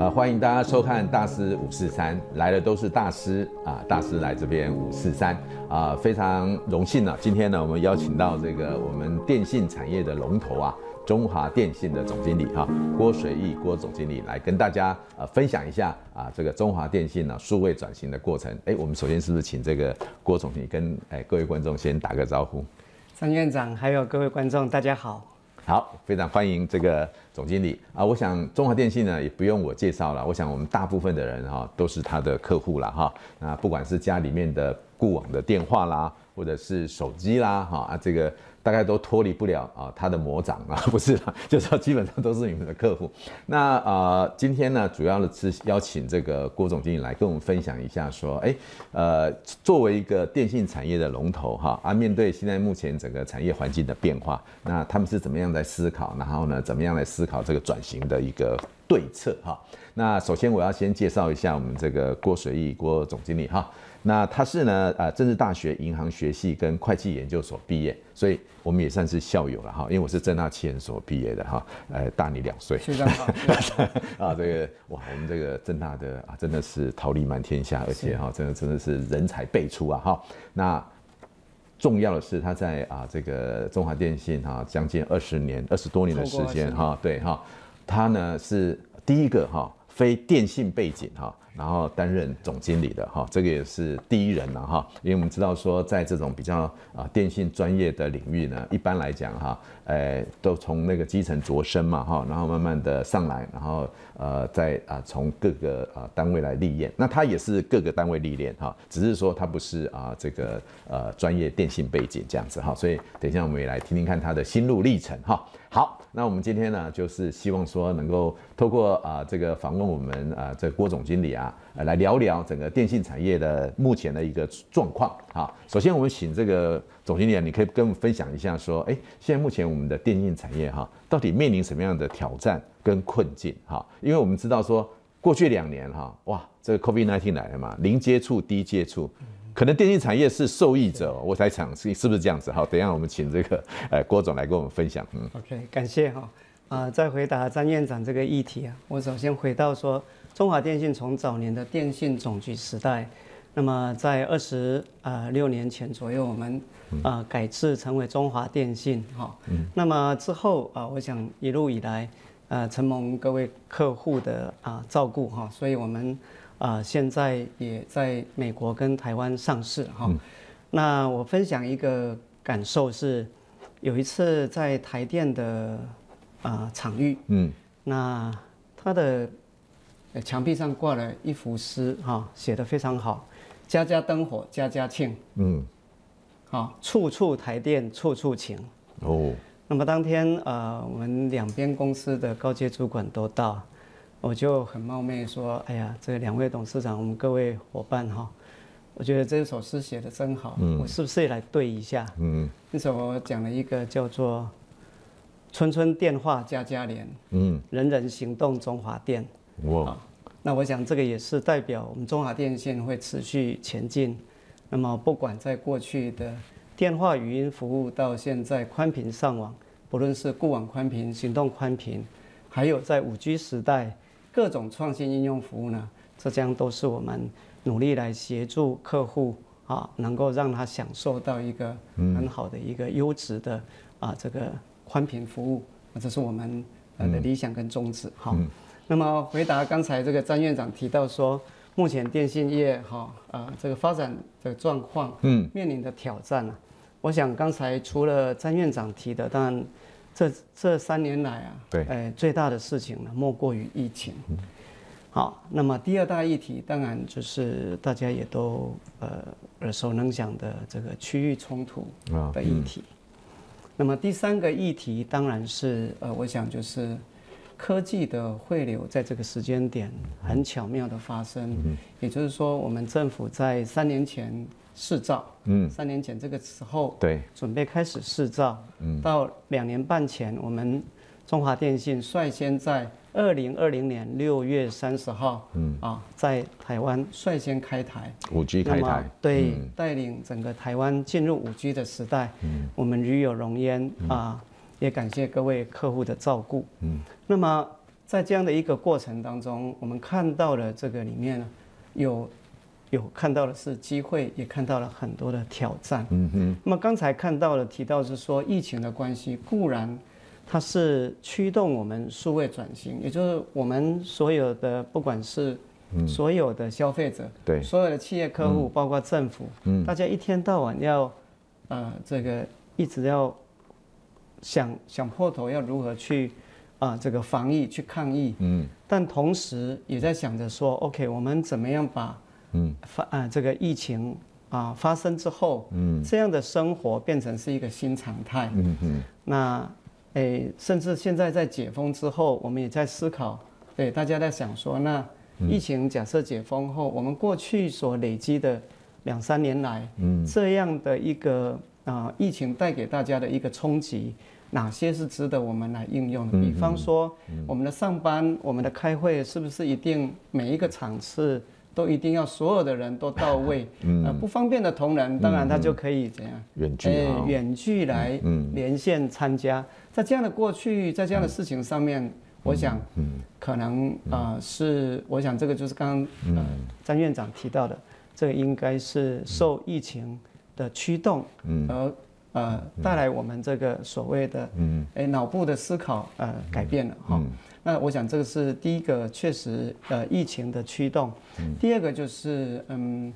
啊、呃，歡迎大家收看大師五四三，來的都是大師啊，大師來這邊五四三啊，非常榮幸了、啊。今天呢，我們邀請到這個我們電信產業的龍頭啊，中華電信的總經理哈、啊，郭水義郭總經理來跟大家呃、啊、分享一下啊，這個中華電信呢、啊、數位轉型的過程。哎，我們首先是不是請這個郭總你跟哎各位觀眾先打個招呼？張院長還有各位觀眾，大家好。好，非常歡迎這個總經理啊！我想中華電信呢，也不用我介紹了，我想我們大部分的人哈、哦、都是他的客戶了哈。那、啊、不管是家裡面的固網的電話啦，或者是手機啦，哈啊這個。大概都脫離不了啊，他的魔掌啊，不是啦，就是基本上都是你們的客戶。那啊、呃，今天呢，主要的是邀請這個郭總經理來跟我們分享一下，說，誒、欸，呃，作為一個電信產業的龍頭哈，啊，面對現在目前整個產業環境的變化，那他們是怎麼樣在思考，然後呢，怎麼樣來思考這個轉型的一個對策哈。那首先我要先介紹一下我們這個郭水義郭總經理哈。那他是呢，啊、呃、政治大學銀行學系跟會計研究所畢業，所以我們也算是校友了哈，因為我是政大企研所畢業的哈，呃，大你兩歲。學長好，學長好 啊，這個哇，我們這個政大的啊，真的是桃李滿天下，而且哈，是真的真的是人才輩出啊哈、啊。那重要的是他在啊這個中華電信哈，將、啊、近二十年、二十多年的時間哈，對哈、啊，他呢是第一個哈、啊、非電信背景哈。啊然後擔任總經理的哈，這個也是第一人了哈。因為我們知道說，在這種比較啊電信專業的領域呢，一般來講哈，呃，都從那個基層擢升嘛哈，然後慢慢的上來，然後呃，再啊從各個啊單位來歷練。那他也是各個單位歷練哈，只是說他不是啊這個呃專業電信背景這樣子哈，所以等一下我們也來聽聽看他的心路歷程哈。好，那我們今天呢，就是希望說能夠透過啊這個訪問我們啊這郭總經理啊。來聊聊整個電信產業的目前的一個狀況哈。首先，我們請這個總經理，你可以跟我們分享一下，說，哎，現在目前我們的電信產業哈，到底面臨什麼樣的挑戰跟困境哈？因為我們知道說，過去兩年哈，哇，這個 COVID-19 來了嘛，零接觸、低接觸，可能電信產業是受益者，我在想是是不是這樣子？好，等一下我們請這個，郭總來跟我們分享，嗯。OK，感謝哈。啊，再回答張院長這個議題啊，我首先回到說。中華電信從早年的電信總局時代，那麼在二十六年前左右，我們、嗯、呃改制成為中華電信哈。哦嗯、那麼之後啊、呃，我想一路以來呃承蒙各位客戶的啊、呃、照顧哈、哦，所以我們啊、呃、現在也在美國跟台灣上市哈。哦嗯、那我分享一個感受是，有一次在台電的啊、呃、場域，嗯，那它的。牆壁上掛了一幅詩，哈，寫得非常好。家家燈火，家家慶，嗯，好、哦，處處台電，處處情。哦，那麼當天，呃，我們兩邊公司的高階主管都到，我就很冒昧說，哎呀，這個兩位董事長，我們各位夥伴，哈，我覺得這首詩寫得真好，嗯，我是不是也來對一下？嗯，那時候我講了一個叫做“村村電話，家家聯”，嗯，人人行動中華電。Wow. 那我想這個也是代表我們中華電信會持續前進。那麼不管在過去的電話語音服務，到現在寬頻上網，不論是固網寬頻、行動寬頻，還有在五 G 時代各種創新應用服務呢，這將都是我們努力來協助客戶啊，能夠讓他享受到一個很好的一個優質的啊這個寬頻服務，這是我們、呃嗯、的理想跟宗旨哈。好嗯那麼回答剛才這個張院長提到說，目前電信業哈、哦、啊、呃、這個發展的狀況，嗯，面臨的挑戰啊，我想剛才除了張院長提的，當然這這三年來啊，對，呃，最大的事情呢莫過於疫情，嗯，好，那麼第二大議題當然就是大家也都呃耳熟能詳的這個區域衝突的議題，那麼第三個議題當然是呃我想就是。科技的匯流在這個時間點很巧妙的發生，嗯、也就是說，我們政府在三年前釋照，嗯、三年前這個時候，對，準備開始釋照，對到兩年半前，我們中華電信率先在二零二零年六月三十號，嗯、啊，在台灣率先開台五 G 開台，對，帶領整個台灣進入五 G 的時代，嗯、我們與有榮焉、嗯、啊，也感謝各位客戶的照顧，嗯。那麼在這樣的一個過程當中，我們看到了這個裡面呢，有有看到的是機會，也看到了很多的挑戰。嗯哼那麼剛才看到了提到的是說，疫情的關係固然它是驅動我們數位轉型，也就是我們所有的不管是所有的消費者，對、嗯，所有的企業客戶，對包括政府，嗯、大家一天到晚要呃這個一直要想想破頭要如何去。啊，這個防疫去抗疫，嗯，但同時也在想着說，OK，我們怎麼樣把，嗯，發啊這個疫情啊發生之後，嗯，這樣的生活變成是一個新常態，嗯嗯哼，那，誒、欸，甚至現在在解封之後，我們也在思考，對，大家在想說，那疫情假設解封後，嗯、我們過去所累積的兩三年來，嗯，這樣的一個啊疫情帶給大家的一個衝擊。哪些是值得我們來應用的？比方說，嗯嗯、我們的上班、我們的開會，是不是一定每一個場次都一定要所有的人都到位？嗯、呃，不方便的同仁，當然他就可以怎樣？遠距、欸、遠距來連線參加。在這樣的過去，在這樣的事情上面，嗯、我想，可能啊、呃，是我想這個就是剛剛張、嗯呃、院長提到的，這個應該是受疫情的驅動，嗯。呃，帶來我們這個所謂的，哎、嗯，欸、腦部的思考呃改變了哈。嗯嗯、那我想這個是第一個確，確實呃疫情的驅動。嗯、第二個就是嗯，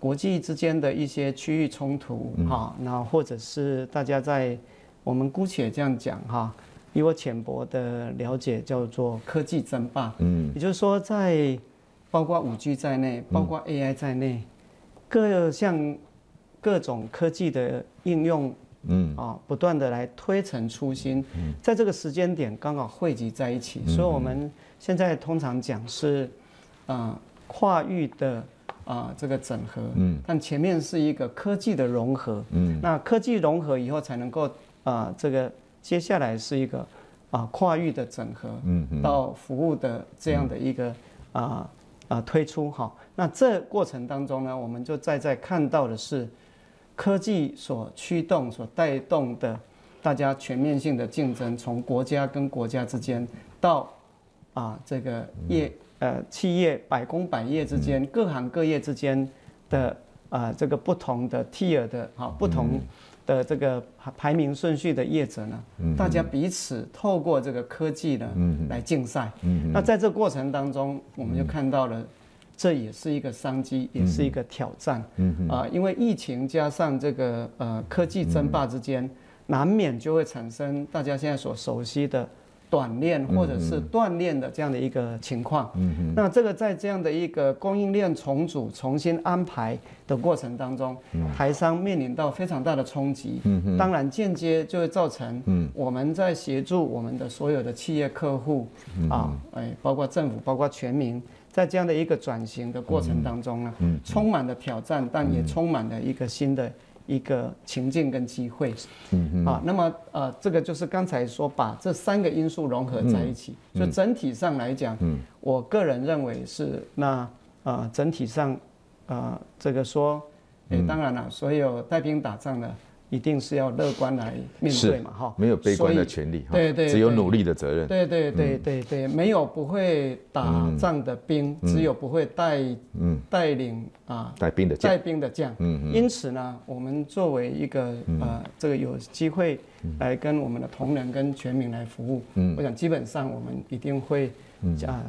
國際之間的一些區域衝突哈，那、嗯、或者是大家在我們姑且這樣講哈，以我淺薄的了解叫做科技爭霸。嗯，也就是說在包括五 G 在內，包括 AI 在內、嗯、各項。各種科技的應用，嗯啊，不斷的來推陳出新，在這個時間點剛好匯集在一起，嗯嗯、所以我們現在通常講是，啊、呃、跨域的啊、呃、這個整合，嗯，但前面是一個科技的融合，嗯，那科技融合以後才能夠啊、呃、這個接下來是一個啊、呃、跨域的整合，嗯嗯，嗯到服務的這樣的一個、嗯、啊啊推出哈、哦，那這過程當中呢，我們就再在、在看到的是。科技所驅動、所帶動的，大家全面性的競爭，從國家跟國家之間，到啊這個業呃企業百工百業之間、各行各業之間的啊這個不同的 tier 的哈、啊、不同的這個排名順序的業者呢，大家彼此透過這個科技呢來競賽。那在這過程當中，我們就看到了。這也是一個商機，也是一個挑戰。嗯嗯哼。啊，因為疫情加上這個呃科技爭霸之間，嗯、哼難免就會產生大家現在所熟悉的短鏈或者是斷鏈的這樣的一個情況。嗯嗯哼。那這個在這樣的一個供應鏈重組、重新安排的過程當中，台商面臨到非常大的衝擊。嗯哼。當然，間接就會造成我們在協助我們的所有的企業客戶、嗯、哼啊，誒、哎，包括政府，包括全民。在這樣的一個轉型的過程當中呢，充滿了挑戰，但也充滿了一個新的一個情境跟機會。嗯嗯哼。啊，那麼呃，這個就是剛才說把這三個因素融合在一起，嗯、哼就整體上來講，嗯、哼我個人認為是那呃整體上呃這個說，哎、欸，當然了、啊，所有帶兵打仗的。一定是要樂觀來面對嘛，哈，沒有悲觀的權利，對對，對，只有努力的責任，對對對對對，沒有不會打仗的兵，嗯、只有不會帶帶、嗯、領啊，帶、呃、兵的帶兵的將、嗯，嗯嗯，因此呢，我們作為一個呃，這個有機會來跟我們的同仁跟全民來服務，嗯，我想基本上我們一定會，啊、呃、啊、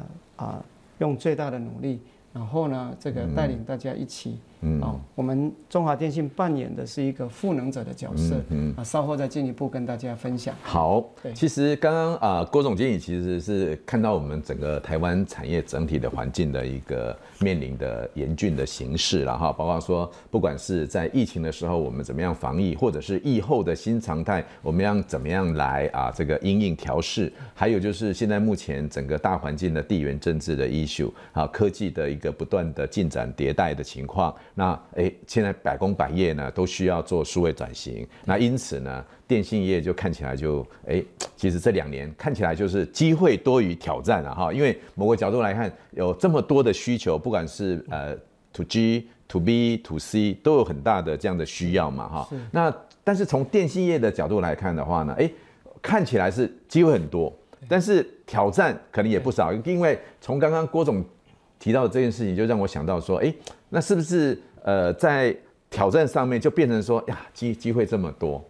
呃，用最大的努力，然後呢，這個帶領大家一起。嗯，我們中華電信扮演的是一個賦能者的角色，嗯啊，嗯稍後再進一步跟大家分享。好，對，其實剛剛啊郭總經理其實是看到我們整個台灣產業整體的環境的一個面臨的嚴峻的形勢，然後包括說，不管是在疫情的時候我們怎麼樣防疫，或者是疫後的新常態，我們要怎麼樣來啊這個因應調適，還有就是現在目前整個大環境的地緣政治的 issue，啊科技的一個不斷的進展迭代的情況。那哎，現在百工百業呢，都需要做數位轉型，那因此呢，電信業就看起來就哎，其實這兩年看起來就是機會多於挑戰了、啊、哈，因為某個角度來看，有這麼多的需求，不管是呃 to G to B to C 都有很大的這樣的需要嘛哈。是那但是從電信業的角度來看的話呢，哎，看起來是機會很多，但是挑戰可能也不少，對因為從剛剛郭總。提到的這件事情，就讓我想到說，誒、欸，那是不是呃，在挑戰上面就變成說，呀，機機會這麼多，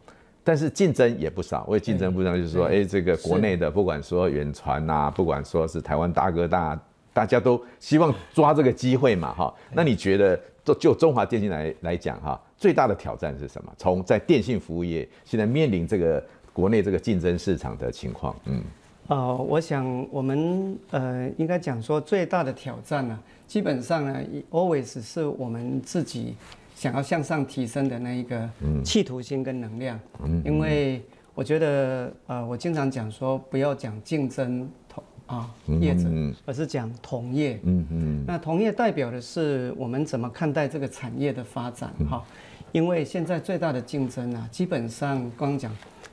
但是競爭也不少。因為競爭不少，就是說，誒、欸欸欸，這個國內的，是不管說遠傳啊，不管說是臺灣大哥大，大家都希望抓這個機會嘛，哈。那你覺得，就就中華電信來來講哈，最大的挑戰是什麼？從在電信服務業現在面臨這個國內這個競爭市場的情況，嗯。呃，我想我們呃應該講說最大的挑戰呢，基本上呢，always 是我們自己想要向上提升的那一個嗯企圖心跟能量。嗯。因為我覺得呃，我經常講說不要講競爭同啊業者，而是講同業。嗯嗯。那同業代表的是我們怎麼看待這個產業的發展哈。因為現在最大的競爭啊，基本上光講。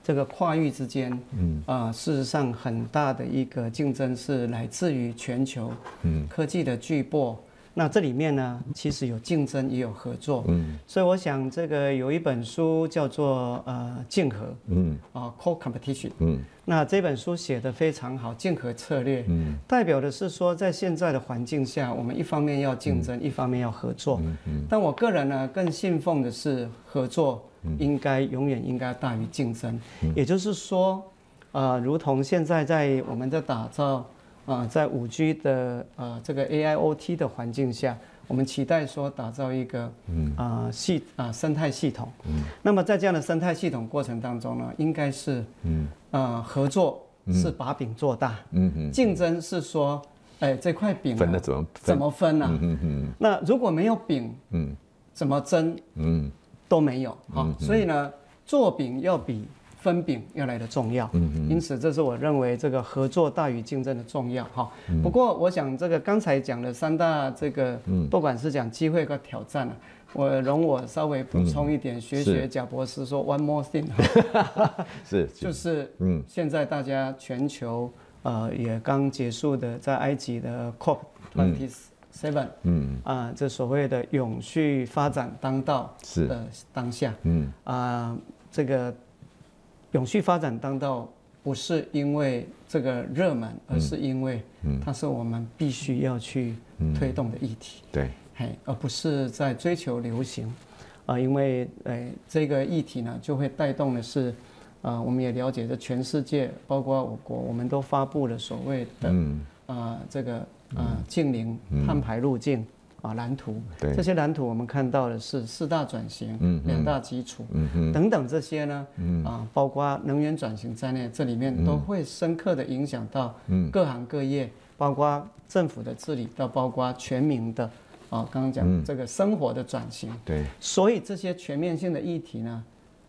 這個跨域之間，嗯、呃、啊，事實上很大的一個競爭是來自於全球，嗯，科技的巨擘。那這裡面呢，其實有競爭也有合作，嗯，所以我想這個有一本書叫做呃競合，嗯啊，Co-competition，嗯，那這本書寫得非常好，競合策略，嗯、代表的是說在現在的環境下，我們一方面要競爭，嗯、一方面要合作。嗯嗯、但我個人呢，更信奉的是合作。應該永遠，應該大於競爭，也就是說，呃，如同現在在我們在打造，啊，在五 G 的呃這個 AIOT 的環境下，我們期待說打造一個，嗯，啊系啊生態系統。嗯，那麼在這樣的生態系統過程當中呢，應該是，嗯，呃，合作是把餅做大，嗯嗯，競爭是說，哎，這塊餅怎麼怎麼分呢？嗯嗯，那如果沒有餅，嗯，怎麼爭？嗯。都沒有、哦嗯、哼所以呢，做餅要比分餅要來得重要，嗯嗯哼，因此這是我認為這個合作大於競爭的重要哈。哦嗯、不過我想這個剛才講的三大這個，嗯、不管是講機會和挑戰、啊、我容我稍微補充一點，嗯、學學賈博士說 one more thing，是， 就是嗯，現在大家全球、嗯、呃也剛結束的在埃及的 COP26、嗯。seven，嗯啊，這所謂的永續發展當道是的，當下，嗯啊這個永續發展當道不是因為這個熱門，而是因為它是我們必須要去推動的議題，嗯嗯、對，嘿，而不是在追求流行，啊，因為誒、呃、這個議題呢就會帶動的是，啊，我們也了解這全世界包括我國，我們都發布了所謂的、嗯、啊這個。啊，淨零、嗯、碳排路徑啊，藍圖，這些藍圖我們看到的是四大轉型，嗯嗯、兩大基礎、嗯嗯嗯嗯、等等這些呢，嗯、啊，包括能源轉型在內，這裡面都會深刻的影響到各行各業，嗯、包括政府的治理，到包括全民的啊，剛剛講這個生活的轉型，嗯嗯、對，所以這些全面性的議題呢，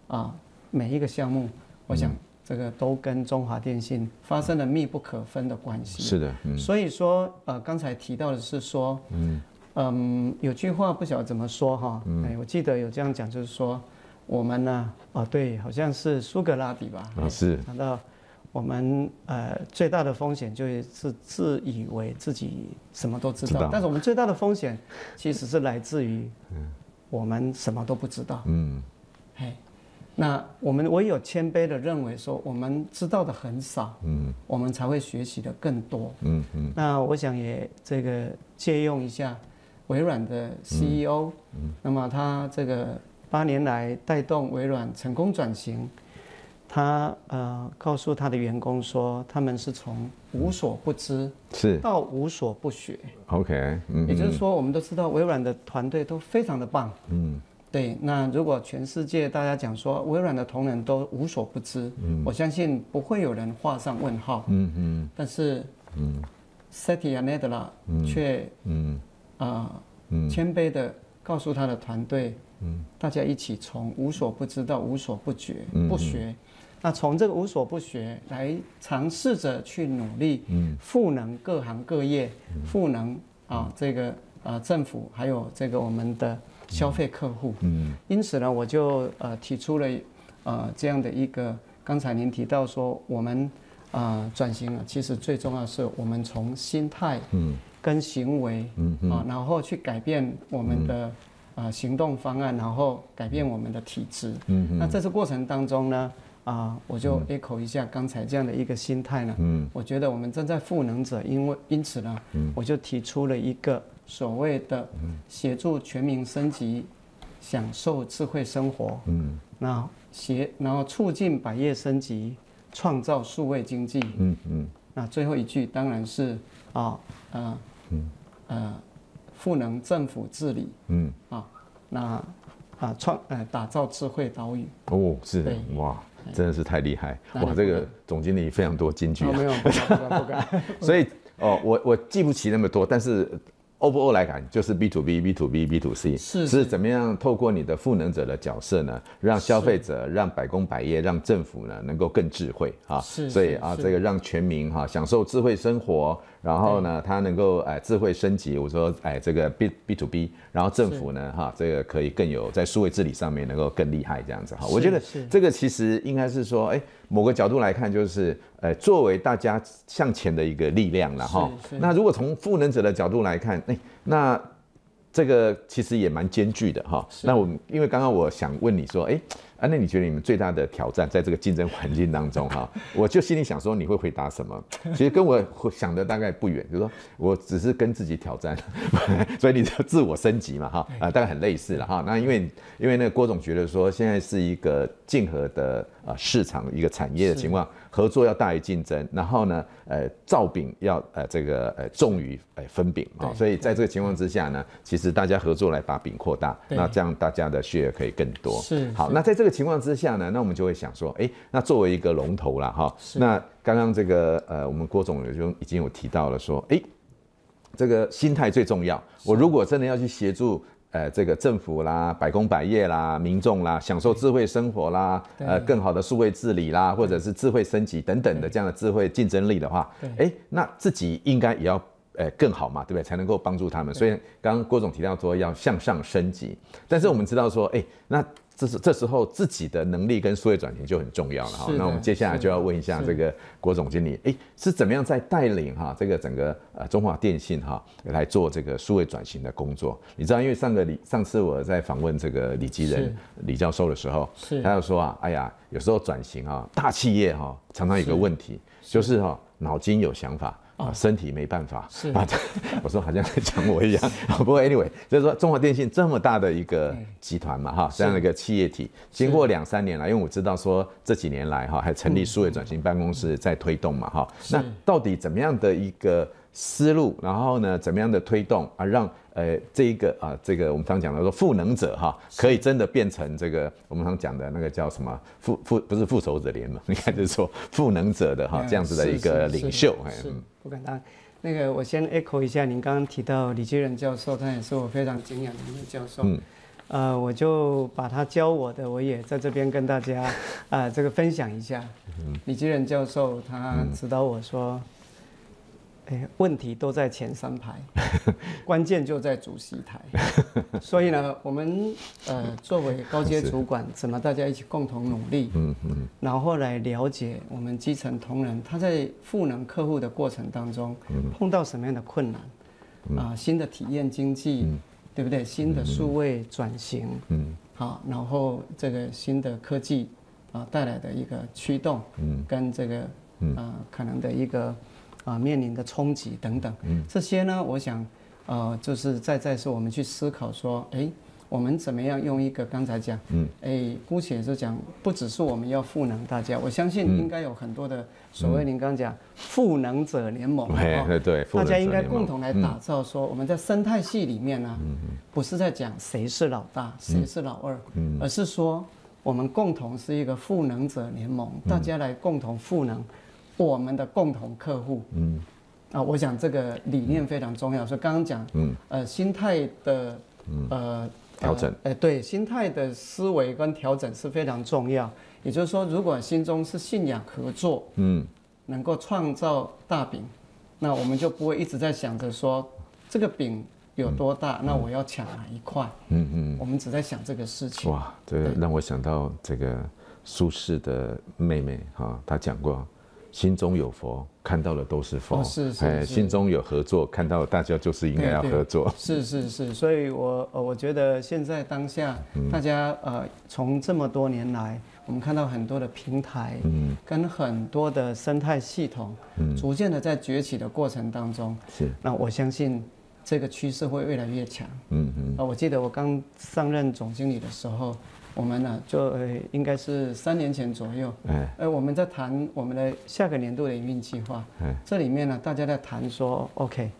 啊，每一個項目，我想。這個都跟中華電信發生了密不可分的關係。是的，嗯、所以說，呃，剛才提到的是說，嗯嗯，有句話不曉得怎麼說哈，嗯哎、我記得有這樣講，就是說，我們呢，哦對，好像是蘇格拉底吧？是、哎啊、是。那我們呃最大的風險就是自以為自己什麼都知道，知道但是我們最大的風險其實是來自於，我們什麼都不知道。嗯，哎那我們唯有謙卑的認為說，我們知道的很少，嗯，我們才會學習的更多，嗯嗯。嗯那我想也這個借用一下微軟的 CEO，嗯，嗯那麼他這個八年來帶動微軟成功轉型，他呃告訴他的員工說，他們是從無所不知是到無所不學，OK，嗯，嗯也就是說我們都知道微軟的團隊都非常的棒，嗯。對，那如果全世界大家講說微軟的同仁都無所不知，我相信不會有人畫上問號。但是，嗯 Satya Nadella 卻，嗯，謙卑地告訴他的團隊，大家一起從無所不知到無所不學不學。那從這個無所不學來嘗試着去努力，賦能各行各業，賦能啊這個政府還有這個我們的，消費客戶，嗯，因此呢，我就呃提出了，呃這樣的一個，剛才您提到說我們，啊、呃、轉型其實最重要的是我們從心態，嗯，跟行為，嗯，嗯、啊，然後去改變我們的，啊、嗯呃、行動方案，然後改變我們的體質、嗯，嗯，那在這過程當中呢，啊、呃、我就 echo 一下剛才這樣的一個心態呢，嗯，我覺得我們正在賦能者，因為因此呢，嗯、我就提出了一個。所謂的協助全民升級，享受智慧生活，嗯，那協然後促進百業升級，創造數位經濟，嗯嗯，那最後一句當然是啊呃呃賦能政府治理，嗯啊那啊創呃打造智慧島嶼哦。是的，哇真的是太厲害，哇這個總經理非常多金句啊！沒有，不敢不敢，所以哦我我記不起那麼多，但是。O 不 O 來感，就是 B to B, B to B, B to C, 是、B to B、B to C 是是怎麼樣透過你的賦能者的角色呢，讓消費者、是讓百工百業、讓政府呢能夠更智慧啊，是所以啊，是這個讓全民哈、啊、享受智慧生活，然後呢，它對能夠哎智慧升級。我說哎，這個 B B to B，然後政府呢哈是、啊，這個可以更有在數位治理上面能夠更厲害這樣子哈。是我覺得這個其實應該是說，哎，某個角度來看就是。哎，作為大家向前的一個力量了哈。那如果從賦能者的角度來看，哎、欸，那這個其實也蠻艱巨的哈。是那我們因為剛剛我想問你說，哎、欸，啊，那你覺得你們最大的挑戰在這個競爭環境當中哈？ 我就心裡想說你會回答什麼？其實跟我想的大概不遠，就是說我只是跟自己挑戰， 所以你就自我升級嘛哈。啊、呃，大概很類似了哈。那因為因為那個郭總覺得說現在是一個競合的啊、呃、市場一個產業的情況。合作要大於競爭，然後呢，呃，造餅要呃這個呃重於呃分餅啊對、哦，所以在這個情況之下呢，其實大家合作來把餅擴大，對那這樣大家的 share 可以更多。是，是好，那在這個情況之下呢，那我們就會想說，哎、欸，那作為一個龍頭了哈，哦、是那剛剛這個呃，我們郭總也就已經有提到了說，哎、欸，這個心態最重要。我如果真的要去協助。呃，這個政府啦、百工百業啦、民眾啦，享受智慧生活啦，呃，更好的數位治理啦，對或者是智慧升級等等的這樣的智慧競爭力的話，哎對，那自己應該也要呃更好嘛，對不對？才能夠幫助他們。對所以，剛剛郭總提到說要向上升級，但是我們知道說，哎，那。這是這時候自己的能力跟數位轉型就很重要了哈。的那我們接下來就要問一下這個郭總經理，哎，是怎麼樣在帶領哈、啊、這個整個呃中華電信哈、啊、來做這個數位轉型的工作？你知道，因為上個禮上次我在訪問這個李吉仁李教授的時候，是他就說啊，哎呀，有時候轉型啊，大企業哈、啊、常常有個問題，是就是哈、啊、腦筋有想法。啊、哦，身體沒辦法是啊，我說好像在講我一樣。是不過 anyway，就是說中華電信這麼大的一個集團嘛，哈、嗯，這樣的一個企業體，是經過兩三年來，因為我知道說這幾年來哈，還成立數位轉型辦公室在推動嘛，哈、嗯，嗯、那到底怎麼樣的一個？思路，然後呢，怎麼樣的推動啊，讓呃這一個啊，這個我們常，常講的說賦能者哈、啊，可以真的變成這個我們常，常講的那個叫什麼復復不是復仇者聯盟，你看，就是說賦能者的哈、啊、對這樣子的一個領袖。嗯，不敢當，那個我先 echo 一下您剛剛提到李吉仁教授，他也是我非常敬仰的一個教授。嗯，呃，我就把他教我的，我也在這邊跟大家啊、呃、這個分享一下。嗯，李吉仁教授他指導我說。嗯嗯欸、問題都在前三排，關鍵就在主席台。 所以呢，我們、呃、作為高階主管，怎麼大家一起共同努力？是的。然後來了解我們基層同仁，他在賦能客戶的過程當中，碰到什麼樣的困難？啊、呃，新的體驗經濟，嗯、對不對？新的數位轉型，嗯。然後這個新的科技啊、呃、帶來的一個驅動，跟這個啊、呃、可能的一個。啊，面臨的衝擊等等，這些呢，我想，呃，就是在在是我們去思考說，哎、欸，我們怎麼樣用一個剛才講，哎、欸，姑且是講，不只是我們要賦能大家，我相信應該有很多的、嗯、所謂您剛剛講賦能者聯盟、喔、對，對對，大家應該共同來打造說，嗯、我們在生態系裡面呢、啊，不是在講誰是老大，誰是老二，嗯、而是說我們共同是一個賦能者聯盟，嗯、大家來共同賦能。我們的共同客戶，嗯，啊，我想這個理念非常重要。所以剛剛講，嗯，呃，心態的，呃，調整，哎，對，心態的思維跟調整是非常重要。也就是說，如果心中是信仰合作，嗯，能夠創造大餅，那我們就不會一直在想着說這個餅有多大，那我要搶哪一塊，嗯嗯，我們只在想這個事情。哇，這個讓我想到這個蘇軾的妹妹哈，她講過。心中有佛，看到的都是佛。哦、是是是、哎，心中有合作，看到大家就是應該要合作。對對是是是，所以我呃，我覺得現在當下，嗯、大家呃，從這麼多年來，我們看到很多的平台，嗯，跟很多的生態系統，嗯、逐漸的在崛起的過程當中，是。那我相信這個趨勢會越來越強。嗯嗯哼。啊，我記得我剛上任總經理的時候。我們呢，就應該是三年前左右，誒，我們在談我們的下個年度的營運計劃。嗯，這裡面呢，大家在談說，OK，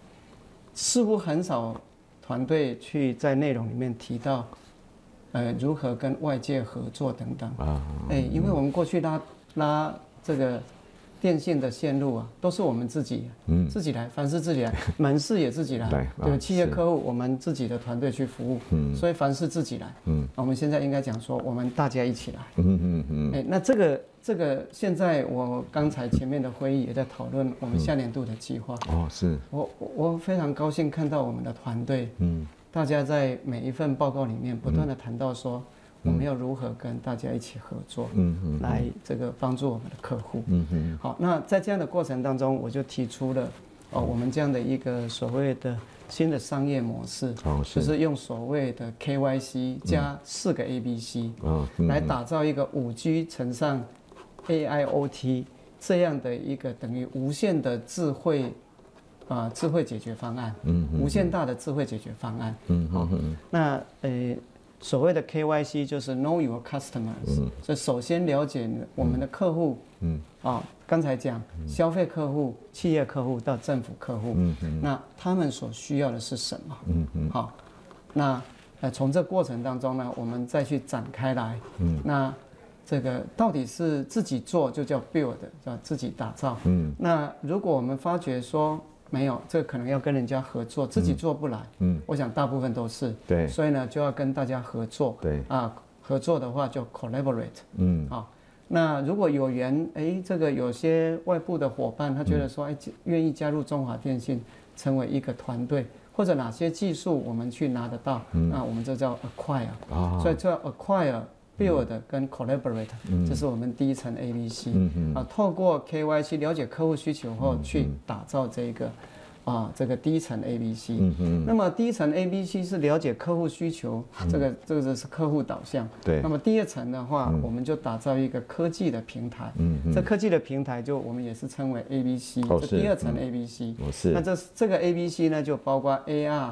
似乎很少團隊去在內容裡面提到，呃，如何跟外界合作等等。哎，因為我們過去拉拉這個。電信的線路啊，都是我們自己，嗯，自己來，凡是自己來，門市也自己來， 對，企業客戶，是我們自己的團隊去服務，嗯，所以凡是自己來，嗯，我們現在應該講說，我們大家一起來，嗯嗯嗯，誒、欸，那這個這個現在我剛才前面的會議也在討論我們下年度的計劃，嗯、哦，是我我非常高興看到我們的團隊，嗯，大家在每一份報告裡面不斷的談到說。嗯嗯我們要如何跟大家一起合作，來這個幫助我們的客戶？好，那在這樣的過程當中，我就提出了哦，我們這樣的一個所謂的新的商業模式，就是用所謂的 KYC 加四個 ABC，來打造一個 5G 乘上 AIOT 這樣的一個等於無限的智慧啊、呃，智慧解決方案，無限大的智慧解決方案。好，那、欸所謂的 KYC 就是 Know Your Customers，這、嗯、首先了解我們的客戶，啊、嗯，剛、哦、才講、嗯、消費客戶、企業客戶到政府客戶，嗯嗯、那他們所需要的是什麼？嗯嗯、好，那從這過程當中呢，我們再去展開來，嗯、那這個到底是自己做就叫 build，叫自己打造。嗯、那如果我們發覺說，沒有，這可能要跟人家合作，自己做不來。嗯，我想大部分都是。對。所以呢，就要跟大家合作。對。啊，合作的話就 collaborate。嗯。好，那如果有緣，哎，這個有些外部的夥伴，他覺得說，嗯、哎，願意加入中華電信，成為一個團隊，或者哪些技術我們去拿得到，嗯、那我們這叫 acquire、哦。所以這叫 acquire。field 跟 collaborate，這是我們第一層 ABC 啊，透過 KYC 去了解客戶需求後，去打造這個啊這個第一層 ABC。嗯嗯。那麼第一層 ABC 是了解客戶需求，這個這個就是客戶導向。對。那麼第二層的話，我們就打造一個科技的平台。這科技的平台就我們也是稱為 ABC，這第二層 ABC。我是。那這這個 ABC 呢，就包括 AR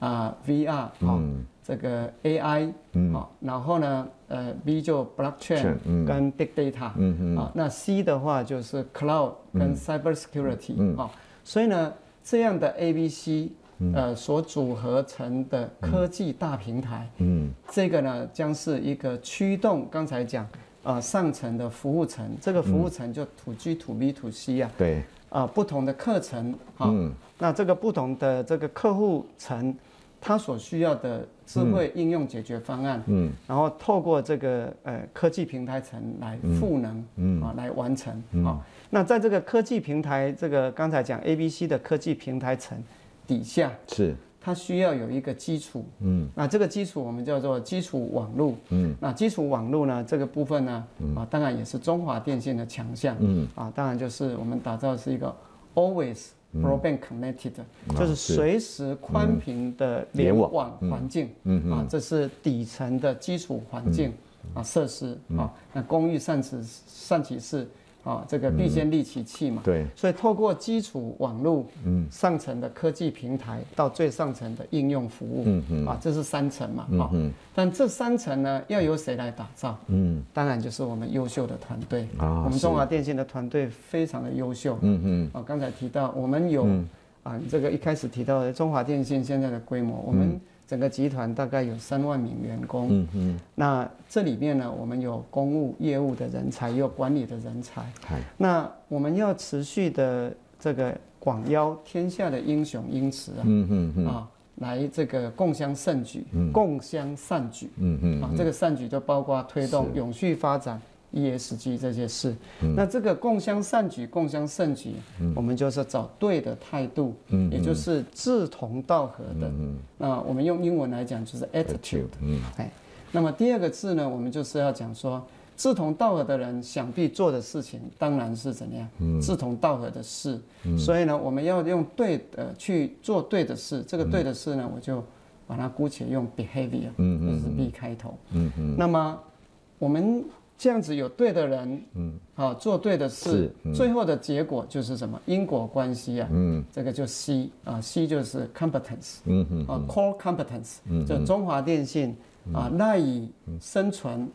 啊 VR 啊。嗯。這個 AI，好、嗯，然後呢，呃，B 就 Blockchain、嗯、跟 Big Data、嗯嗯嗯啊、那 C 的話就是 Cloud、嗯、跟 Cyber Security、嗯嗯啊、所以呢，這樣的 A BC、呃、B、C，所組合成的科技大平台，嗯嗯、這個呢，將是一個驅動，剛才講，呃，上層的服務層，這個服務層就2 G、2 B、2 C 啊，嗯、啊對，啊，不同的課程，好、啊，嗯、那這個不同的這個客戶層。它所需要的智慧應用解決方案，嗯，然後透過這個呃科技平台層來賦能，嗯，嗯啊來完成，啊、嗯哦，那在這個科技平台這個剛才講 A、B、C 的科技平台層底下是，它需要有一個基礎，嗯，那這個基礎我們叫做基礎網絡，嗯，那基礎網絡呢這個部分呢，啊當然也是中華電信的強項，嗯啊當然就是我們打造的是一個 Always。Broadband connected，嗯、就是隨時寬頻的聯網，嗯、聯網環境，啊、嗯，嗯嗯、這是底層的基礎環境，嗯、啊，設施，嗯、啊，那工欲善其善其事。啊、哦，這個必先利其器嘛。嗯、對，所以透過基礎網絡、上層的科技平台、嗯、到最上層的應用服務，嗯、哼啊，這是三層嘛。哦、嗯哼，但這三層呢，要由誰來打造？嗯，當然就是我們優秀的團隊。啊，我們中華電信的團隊非常的優秀。嗯嗯哼。啊、哦，剛才提到我們有、嗯、啊，這個一開始提到的中華電信現在的規模，我們、嗯。整個集團大概有三萬名員工，嗯嗯哼，那這裡面呢，我們有公務業務的人才，也有管理的人才，嗯、那我們要持續的這個廣邀天下的英雄英雌啊，嗯嗯嗯啊，來這個共襄盛舉，嗯，共襄善舉，嗯嗯，啊，這個善舉就包括推動永續發展。E S G 這些事，嗯、那這個共襄善舉、共襄盛舉，嗯、我們就是找對的態度，嗯、也就是志同道合的。嗯、那我們用英文來講就是 attitude Attitude、嗯。Okay, 那麼第二個字呢，我們就是要講說，志同道合的人，想必做的事情當然是怎麼樣？志、嗯、同道合的事。嗯、所以呢，我們要用對的、呃、去做對的事。這個對的事呢，我就把它姑且用 behavior，嗯嗯，是 B 開頭。嗯嗯，嗯，那麼我們。這樣子有對的人，嗯，做對的事，嗯、最後的結果就是什麼因果關係啊，嗯，這個就 C 啊，C 就是 competence，嗯嗯，嗯嗯啊，core competence，嗯嗯、就中華電信啊賴以生存，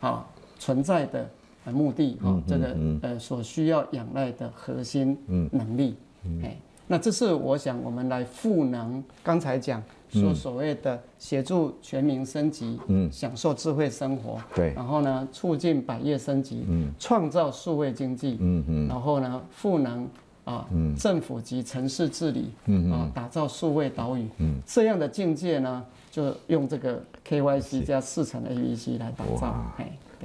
啊存在的目的哈、啊，這個呃所需要仰賴的核心能力、嗯嗯嗯，那這是我想我們來賦能，剛才講。說所謂的協助全民升級，嗯，享受智慧生活，對，然後呢，促進百業升級，嗯，創造數位經濟，嗯嗯，然後呢，賦能啊，政府及城市治理，嗯嗯，打造數位島嶼，這樣的境界呢，就用這個 KYC 加四層 AEC 來打造，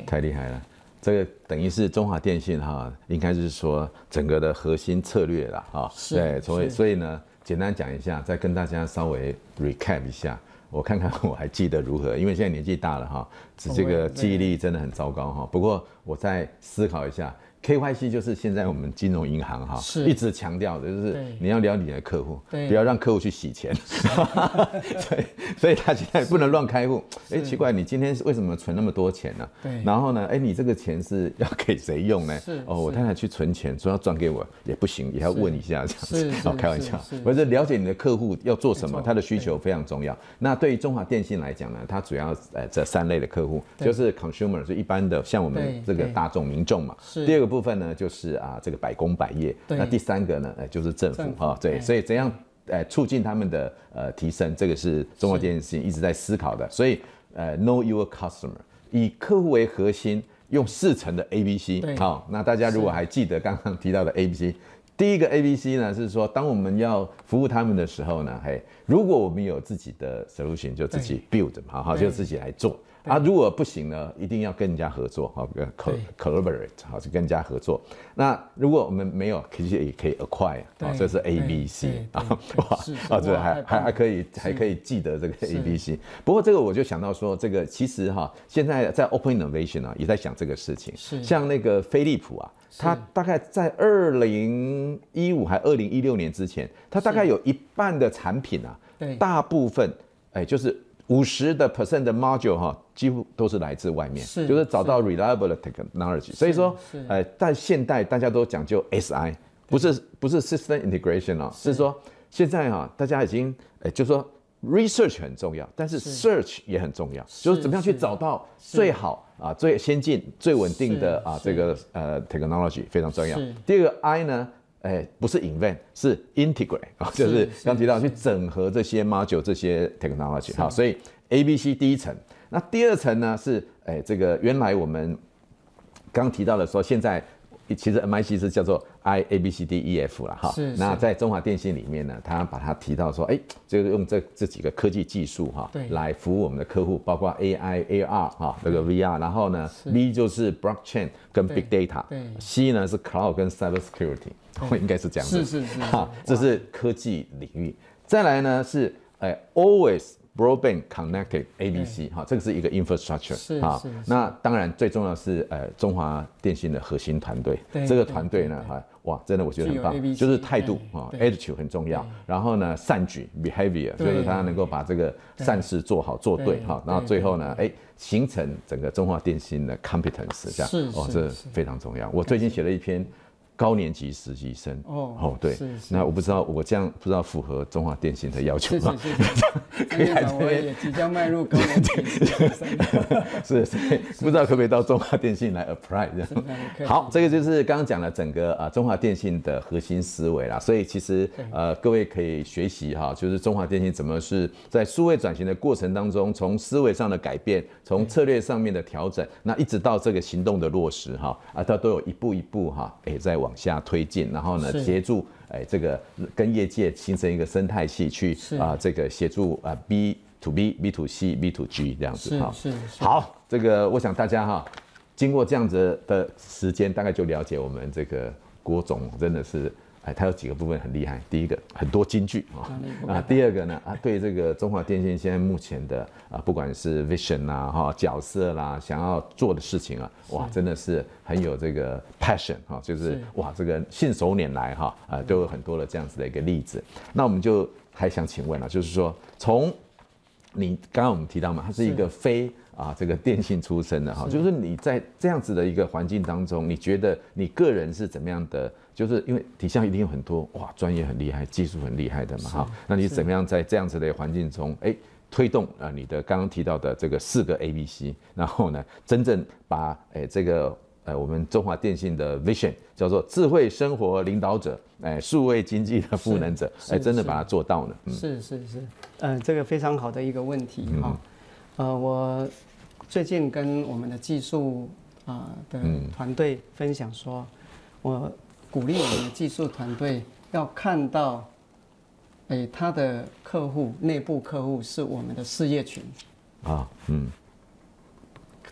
太厲害了，這個等於是中華電信哈，應該是說整個的核心策略了，是，所以所以呢。簡單講一下，再跟大家稍微 recap 一下，我看看我還記得如何，因為現在年紀大了哈，這個記憶力真的很糟糕哈，不過我再思考一下。KYC 就是現在我們金融銀行哈，一直強調的就是你要聊你的客戶，不要讓客戶去洗錢。對，所以他現在不能亂開戶。哎，奇怪，你今天為什麼存那麼多錢呢？然後呢？哎，你這個錢是要給誰用呢？是哦，我太太去存錢，說要轉給我也不行，也要問一下這樣子。是是開玩笑，我是了解你的客戶要做什麼，他的需求非常重要。那對於中華電信來講呢，它主要呃這三類的客戶，就是 consumer，就一般的像我們這個大眾民眾嘛。第二個。部分呢，就是啊，這個百工百業。對那第三個呢，就是政府啊，府對,對。所以怎樣哎、呃、促進他們的呃提升，這個是中華電信一直在思考的。所以呃，Know your customer，以客戶為核心，用四層的 ABC。對。好、哦，那大家如果還記得剛剛提到的 ABC，是第一個 ABC 呢是說，當我們要服務他們的時候呢，嘿，如果我們有自己的 solution，就自己 build，對好好就自己來做。啊，如果不行呢，一定要跟人家合作啊，可好，跟人家合作。那如果我們沒有，其實也可以 acquire，啊，這是 A B C 啊，哇，啊，這還還還可以，還可以記得這個 A B C。不過這個我就想到說，這個其實哈，現在在 Open Innovation 啊，也在想這個事情。是，像那個飛利浦啊，它大概在二零一五還二零一六年之前，它大概有一半的產品啊，大部分，哎，就是。五十的 percent 的 module 哈，幾乎都是來自外面，是就是找到 reliable technology 是。所以說，是呃，但現代大家都講究 SI，不是對不是 system integration 了是，是說現在哈、啊，大家已經、呃、就是說 research 很重要，但是 search 也很重要，是就是怎麼樣去找到最好是啊、最先進、最穩定的是啊這個呃 technology 非常重要。是第二個 I 呢？哎、不是 invent，是 integrate，就是剛提到去整合這些 module 這些 technology，是好，所以 A B C 第一層，那第二層呢是哎這個原來我們剛提到的說，現在其實 M I C 是叫做 I A B C D E F 了哈，是。那在中華電信裡面呢，他把它提到說，哎，就是用這這幾個科技技術哈，對，來服務我們的客戶，包括 A I A R 哈，那個 V R，然後呢 B 是就是 blockchain 跟 big data，對，對，C 呢是 cloud 跟 cyber security。應該是這樣子，是是是，哈，這是科技領域。再來呢是，哎，Always Broadband Connected ABC，哈，這個是一個 infrastructure，啊，那當然最重要是，呃，中華電信的核心團隊，這個團隊呢，哈，哇，真的我覺得很棒，就是態度啊，attitude 很重要，然後呢，善舉 behavior，就是他能夠把這個善事做好做對，哈，然後最後呢，哎，形成整個中華電信的 competence，這樣，哦，這非常重要。我最近寫了一篇。高年級實習生哦，哦對，是是，那我不知道，我這樣不知道符合中華電信的要求嗎？是是是是 可以，可以，我也即將邁入高年級， 是，是，是，是是是，不知道可不可以到中華電信來 apply 樣好，這個就是剛剛講了整個啊中華電信的核心思維啦，所以其實對呃各位可以學習哈、啊，就是中華電信怎麼是在數位轉型的過程當中，從思維上的改變，從策略上面的調整，對那一直到這個行動的落實哈啊，它都有一步一步哈，也、欸、在往。往下推進，然後呢，協助哎、欸，這個跟業界形成一個生態系，去啊是、呃，這個協助啊，B to B、B to C、B to G 這樣子哈。好，這個我想大家哈，經過這樣子的時間，大概就了解我們這個郭總真的是。哎，它有幾個部分很厲害。第一個，很多金句啊啊。第二個呢啊，對這個中華電信現在目前的啊，不管是 vision 啦、啊、哈、啊，角色啦、啊，想要做的事情啊，是哇，真的是很有這個 passion、啊、就是，是哇，這個信手拈來哈啊，都有很多的這樣子的一個例子。對那我們就還想請問了、啊，就是說從你剛剛我們提到嘛，它是一個非是啊這個電信出身的哈，是就是你在這樣子的一個環境當中，你覺得你個人是怎麼樣的？就是因為底下一定有很多哇，專業很厲害、技術很厲害的嘛，哈是。那你怎麼樣在這樣子的環境中，哎是，推動啊、呃、你的剛剛提到的這個四個 A、B、C，然後呢，真正把哎、呃、這個呃我們中華電信的 vision 叫做智慧生活領導者，哎、呃，數位經濟的賦能者，哎，真的把它做到呢？是是是，嗯、呃，這個非常好的一個問題哈、嗯哦。呃，我最近跟我們的技術啊、呃、的團隊分享說，嗯、我。鼓勵我們的技術團隊要看到，誒，他的客戶內部客戶是我們的事業群，啊，嗯，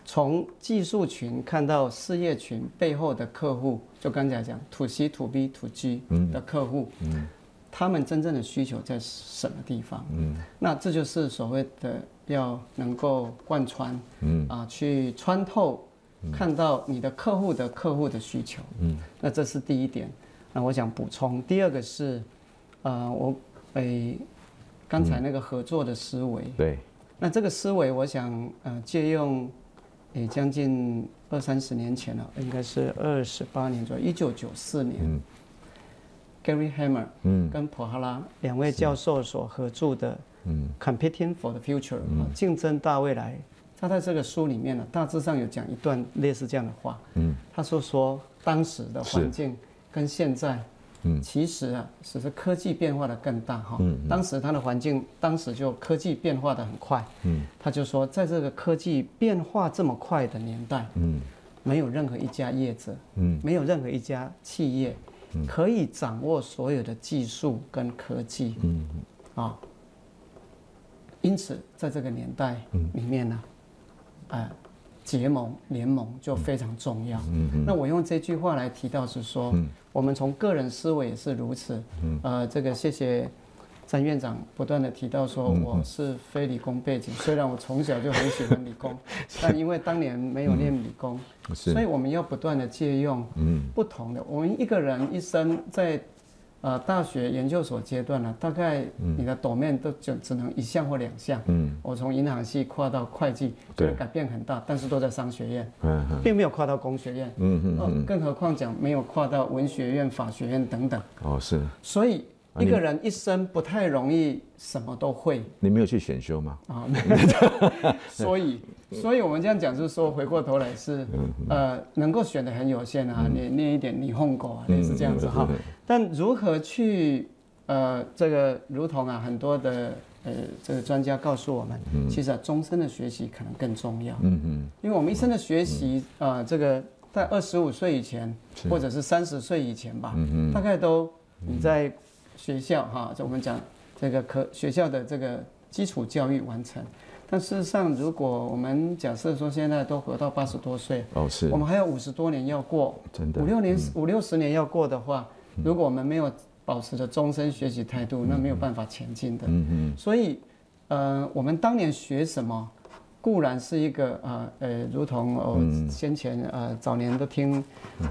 從技術群看到事業群背後的客戶，就剛才講 to C、to B、to G 的客戶，嗯，他們真正的需求在什麼地方？嗯，那這就是所謂的要能夠貫穿，嗯，啊，去穿透。看到你的客戶的客戶的需求，嗯，那這是第一點。那我想補充，第二個是，呃，我誒、哎，剛才那個合作的思維，對、嗯，那這個思維我想、呃、借用，誒、哎，將近二三十年前了，應該是二十八年左右，一九九四年、嗯、，Gary Hamel，m、嗯、跟普哈拉兩位教授所合著的、嗯、，Competing for the Future，、嗯、競爭大未來。他在這個書裡面呢，大致上有講一段類似這樣的話。嗯、他說說當時的環境跟現在，嗯、其實啊，只是科技變化的更大哈。嗯嗯、當時他的環境，當時就科技變化的很快。嗯、他就說，在這個科技變化這麼快的年代，嗯、沒有任何一家業者，嗯、沒有任何一家企業，可以掌握所有的技術跟科技，啊、嗯哦，因此在這個年代裡面呢、啊。嗯啊、結盟聯盟就非常重要。嗯，嗯，那我用這句話來提到是說，嗯、我們從個人思維也是如此。嗯。呃，這個謝謝張院長不斷的提到說，我是非理工背景，嗯、雖然我從小就很喜歡理工， 但因為當年沒有練理工，嗯、所以我們要不斷的借用。不同的，嗯、我們一個人一生在。呃，大學研究所階段呢，大概你的 domain、嗯、都就只，只能一項或兩項。嗯，我從銀行系跨到會計，對改變很大，但是都在商學院，對並沒有跨到工學院。嗯嗯，更何況講沒有跨到文學院、法學院等等。哦，是。所以。一個人一生不太容易什麼都會。你沒有去選修嗎？啊，沒有。所以，所以我們這樣講，就是說，回過頭來是呃，能夠選得很有限啊，你念一點你哄果啊，是這樣子哈。但如何去呃，這個如同啊，很多的、呃、這個專家告訴我們，其實、啊、終身的學習可能更重要。嗯嗯。因為我們一生的學習啊，這個在二十五歲以前，或者是三十歲以前吧，大概都你在。學校哈，就我們講這個可學校的這個基礎教育完成。但事實上，如果我們假設說現在都活到八十多歲，哦是，我們還有五十多年要過，真的五六年，五六十年要過的話，如果我們沒有保持着終身學習態度，嗯、那沒有辦法前進的。嗯嗯。所以，呃，我們當年學什麼？固然是一個啊、呃，呃，如同我、呃、先前啊、呃、早年都聽，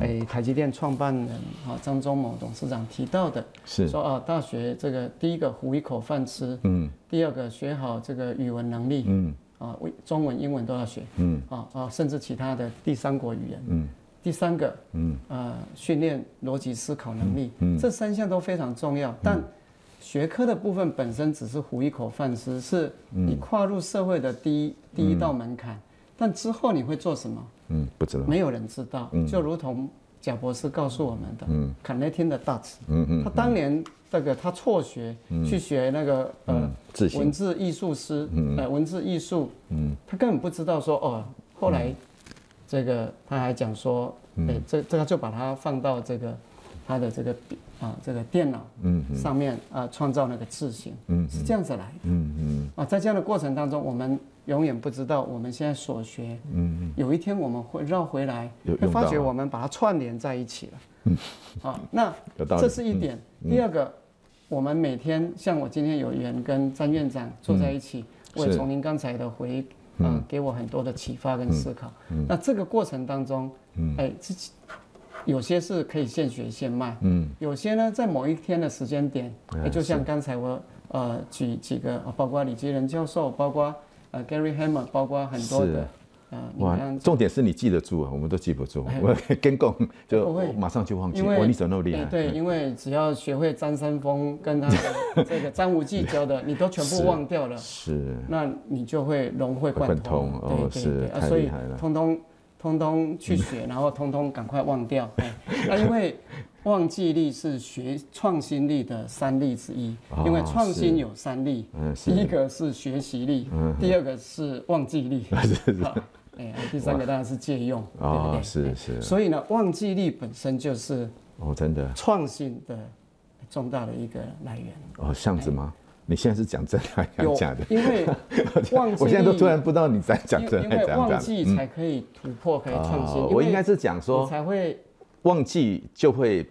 哎、呃，台積電創辦人、呃、張忠謀董事長提到的，是說啊、呃，大學這個第一個糊一口飯吃，嗯，第二個學好這個語文能力，嗯，啊，為中文、英文都要學，嗯，啊啊，甚至其他的第三國語言，嗯，第三個，嗯，啊，訓練邏輯思考能力，嗯，嗯這三項都非常重要，但。嗯學科的部分本身只是糊一口飯吃，是你跨入社會的第一第一道門檻，但之後你會做什麼？嗯，不知道，沒有人知道。嗯，就如同賈博士告訴我們的，嗯，卡耐的大侄，嗯嗯，他當年這個他輟學去學那個呃文字藝術師，嗯，文字藝術，嗯，他根本不知道說哦，後來這個他還講說，哎，這這個就把它放到這個他的這個。啊，這個電腦上面啊，創造那個字形，是這樣子來的。嗯嗯。啊，在這樣的過程當中，我們永遠不知道我們現在所學，有一天我們會繞回來，會發覺我們把它串聯在一起了。嗯。啊，那這是一點。第二個，我們每天像我今天有緣跟張院長坐在一起，我也從您剛才的回，嗯，給我很多的啟發跟思考。嗯。那這個過程當中，哎，自己。有些是可以現學現賣，嗯，有些呢，在某一天的時間點，就像剛才我呃舉幾個，包括李吉仁教授，包括呃 Gary Hammer，包括很多的，重點是你記得住啊，我們都記不住，我跟過就馬上就忘記了，哇，你怎麼那麼厲害？對，因為只要學會張三丰跟他的這個張無忌教的，你都全部忘掉了，是，那你就會融會貫通，哦，是，太厲害了，所以通通。通通去學，然後通通趕快忘掉。那、哎啊、因為忘記力是學創新力的三力之一，因為創新有三力，第、哦嗯、一個是學習力，嗯、哼第二個是忘記力，哎是、啊，第三個當然是借用，對不對？是是。所以呢，忘記力本身就是哦，真的創新的重大的一個來源哦，巷子嗎？哎你現在是講真的還是講假的？因為忘記我現在都突然不知道你在講真還是假。因為忘記才可以突破，可以創新。我應該是講說，才會忘記就會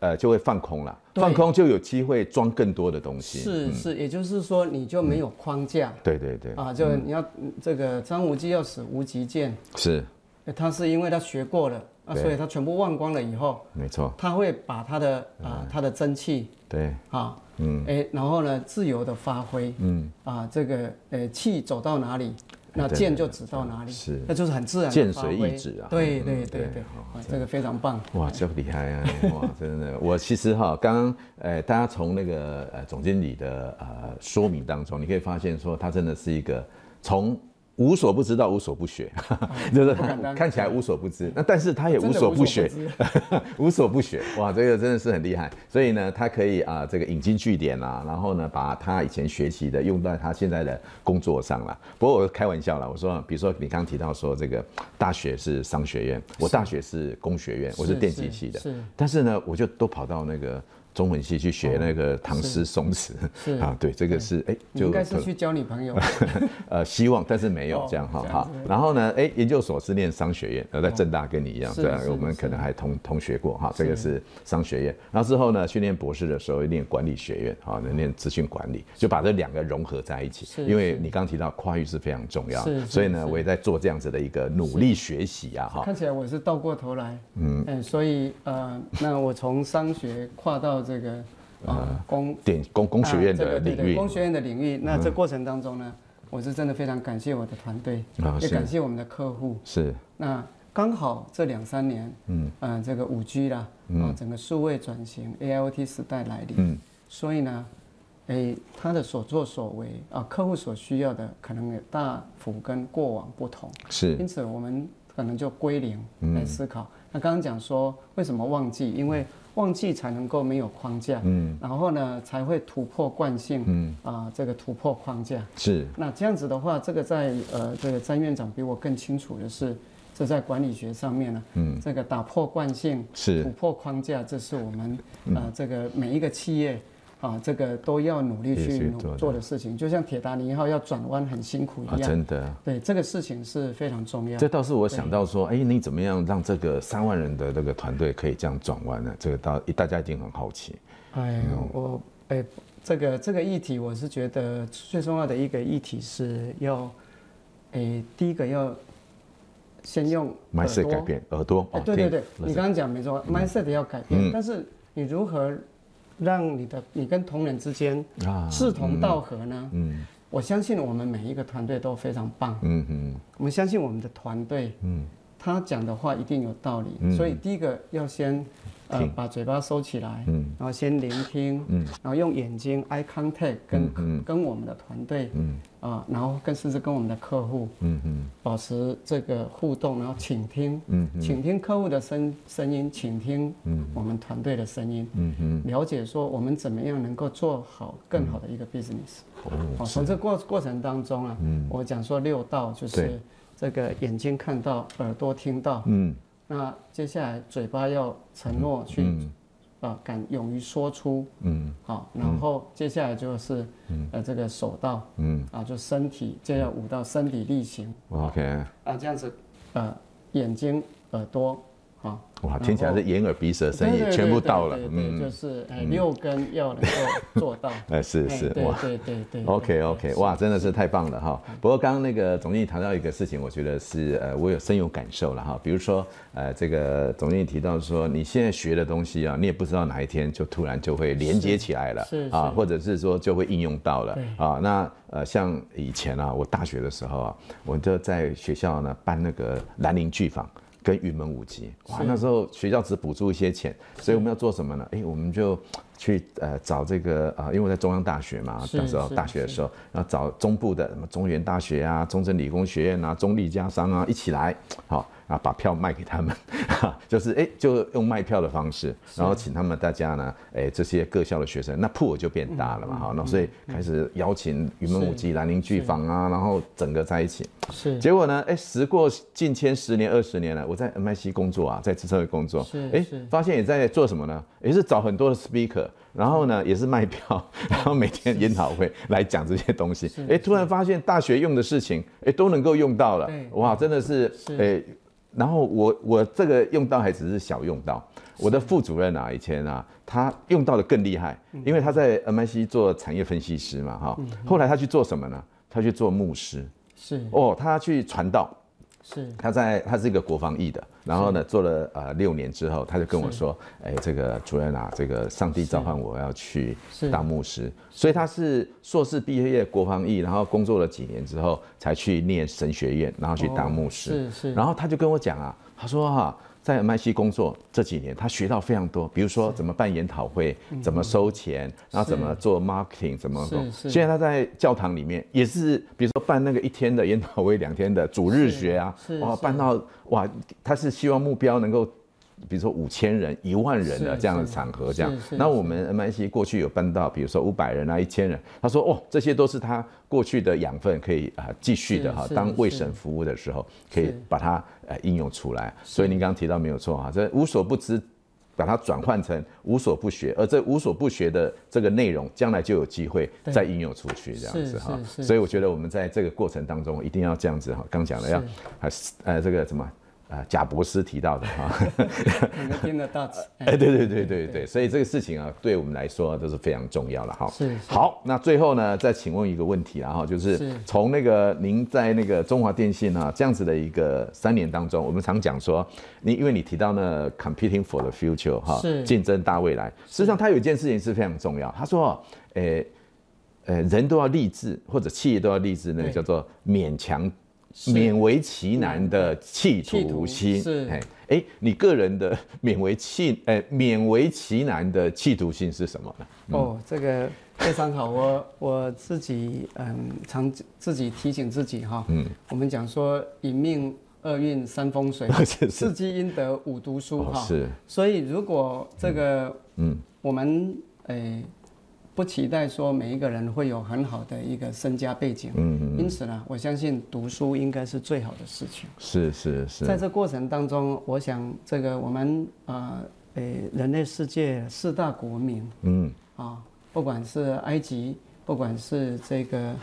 呃就會放空了，放空就有機會裝更多的東西。是是，也就是說你就沒有框架。對對對，啊，就你要這個張無忌要使無極劍，是，他是因為他學過了，啊，所以他全部忘光了以後，沒錯，他會把他的啊他的真氣對啊。嗯，哎，然後呢，自由的發揮，嗯，啊，這個，呃，氣走到哪裡，那劍就指到哪裡，是，那就是很自然的，劍隨意指啊，對對對對，這個非常棒，哇，這麼厲害啊，哇，真的，我其實哈，剛剛，大家從那個總經理的說明當中，你可以發現說，他真的是一個從。無所不知道，無所不學，啊、 就是他看起來無所不知。不那但是他也無所不學，無所不， 無所不學。哇，這個真的是很厲害。 所以呢，他可以啊，這個引經據典啦，然後呢，把他以前學習的用到他現在的工作上了。不過我開玩笑了，我說，比如說你剛剛提到說這個大學是商學院，是我大學是工學院，我是電機系的，是是是，但是呢，我就都跑到那個。中文系去學那個唐詩宋詞啊，對，這個是哎，就應該是去交女朋友，呃，希望，但是沒有這樣哈。好，然後呢，哎，研究所是念商學院，呃，在政大跟你一樣，對，我們可能還同同學過哈。這個是商學院，然後之後呢，訓練博士的時候念管理學院啊，念資訊管理，就把這兩個融合在一起。是，因為你剛剛提到跨域是非常重要，所以呢，我也在做這樣子的一個努力學習啊哈，看起來我是倒過頭來，嗯，所以呃，那我從商學跨到。這個啊，工電工工學院的領域，工學院的領域。那這過程當中呢，我是真的非常感謝我的團隊，也感謝我們的客戶。是。那剛好這兩三年，嗯，這個五 G 啦，整個數位轉型，AIOT 時代來臨，所以呢，哎，他的所作所為，啊，客戶所需要的可能有大幅跟過往不同，是。因此我們可能就歸零來思考。那剛剛講說為什麼忘記，因為。忘記才能夠沒有框架，嗯，然後呢，才會突破慣性，嗯，啊、呃，這個突破框架是。那這樣子的話，這個在呃，這個張院長比我更清楚的是，這在管理學上面呢，嗯，這個打破慣性是突破框架，這是我們啊，呃嗯、這個每一個企業。啊，這個都要努力去努做的事情，就像鐵達尼號要轉彎很辛苦一樣。哦、真的，對這個事情是非常重要。這倒是我想到說，對哎，你怎麼樣讓這個三萬人的那個團隊可以這樣轉彎呢？這個大家已經很好奇。哎，嗯、我哎，這個這個議題，我是覺得最重要的一個議題是要，哎，第一個要先用耳朵。mindset 改變，耳朵。哦、哎，對對對，對你剛剛講沒錯對，mindset 要改變，嗯、但是你如何？讓你的你跟同仁之間啊，志同道合呢，嗯，嗯，我相信我們每一個團隊都非常棒，嗯嗯，嗯，我們相信我們的團隊，嗯。他講的話一定有道理，所以第一個要先呃把嘴巴收起來，然後先聆聽，然後用眼睛 eye contact 跟跟我們的團隊，然後跟甚至跟我們的客戶保持這個互動，然後傾聽傾聽客戶的聲聲音，傾聽我們團隊的聲音，了解說我們怎麼樣能夠做好更好的一個 business。哦，從這過過程當中啊，我講說六道就是。這個眼睛看到，耳朵聽到，嗯，那接下來嘴巴要承諾去，啊、嗯呃，敢勇於說出，嗯，好，然後接下來就是，嗯、呃，這個手到，嗯，啊、呃，就身體就要舞到，身體力行，OK，啊，這樣子，呃，眼睛、耳朵。哇，聽起來是眼耳鼻舌身意全部到了，對對對對對，嗯，就是六根要能夠做到，哎， 是是、嗯，對對對對，OK OK，哇，真的是太棒了哈。不過剛剛那個總經理談到一個事情，我覺得是呃，我有深有感受了哈。比如說呃，這個總經理提到說，你現在學的東西啊，你也不知道哪一天就突然就會連接起來了，啊，是是或者是說就會應用到了啊。對那呃，像以前啊，我大學的時候啊，我就在學校呢辦那個蘭陵劇坊。跟雲門舞集，Wow. 那時候學校只補助一些錢，所以我們要做什麼呢？哎、欸，我們就。去呃找這個啊、呃，因為我在中央大學嘛，到是時候大學的時候，然後找中部的什麼中原大學啊、中正理工學院啊、中壢家商啊一起來，好、哦、啊把票賣給他們，哈哈就是哎就用賣票的方式，然後請他們大家呢，哎這些各校的學生，那 pool 就變大了嘛，嗯、好，那所以開始邀請雲門舞集是、蘭陵劇坊啊，是然後整個在一起，是結果呢，哎時過境遷，十年二十年了，我在 M I C 工作啊，在資策會工作，是哎發現也在做什麼呢？也是找很多的 speaker。然後呢，也是賣票，然後每天研討會來講這些東西。誒，突然發現大學用的事情，哎，都能夠用到了。哇，真的是，誒，然後我我這個用到還只是小用到，我的副主任啊，以前啊，他用到的更厲害，因為他在 MIC 做產業分析師嘛，哈。後來他去做什麼呢？他去做牧師。是哦，他去傳道。是，他在，他是一個國防役的，然後呢，是做了呃六年之後，他就跟我說，哎是，這個主任啊，這個上帝召喚是我要去當牧師，是所以他是碩士畢業，國防役然後工作了幾年之後，才去念神學院，然後去當牧師，是、哦、是，是然後他就跟我講啊，他說哈、啊。在 MIC 工作這幾年，他學到非常多，比如說怎麼辦研討會，是怎麼收錢，嗯、然後怎麼做 marketing，怎麼做。現在他在教堂裡面也是，比如說辦那個一天的研討會，兩天的主日學啊，哇，辦到哇，他是希望目標能夠。比如說五千人、一萬人的這樣的場合，這樣，那我們 MIC 過去有辦到，比如說五百人啊、一千人，他說哦，這些都是他過去的養分，可以啊、呃、繼續的哈，當為省服務的時候，可以把它是呃應用出來。所以您剛剛提到沒有錯啊，這無所不知，把它轉換成無所不學，而這無所不學的這個內容，將來就有機會再應用出去，對這樣子哈。所以我覺得我們在這個過程當中一定要這樣子哈，剛講了要還是呃這個什麼。啊、呃，賈博士提到的哈，聽得到哎，對對對對對， 所以這個事情啊，對我們來說都是非常重要的。哈。是。好，那最後呢，再請問一個問題啊哈，就是從那個您在那個中華電信哈、啊、這樣子的一個三年當中，我們常講說，你因為你提到呢，competing for the future 哈、啊，是競爭大未來，實際上他有一件事情是非常重要，他說，哎、呃呃，人都要立志，或者企業都要立志，那個、叫做勉強。是勉為其難的企圖心，是，哎，你個人的勉為其呃勉為其難的企圖心是什麼呢？哦，這個非常好，我我自己嗯常自己提醒自己哈，嗯，我們講說，一命二運三風水，四積陰德五讀書哈、哦，是，哦、是，所以如果這個嗯我們誒。欸不期待說每一個人會有很好的一個身家背景，嗯，因此呢，我相信讀書應該是最好的事情。是是是，在這過程當中，我想這個我們啊，誒，人類世界四大古文明。嗯，啊，不管是埃及，不管是這個。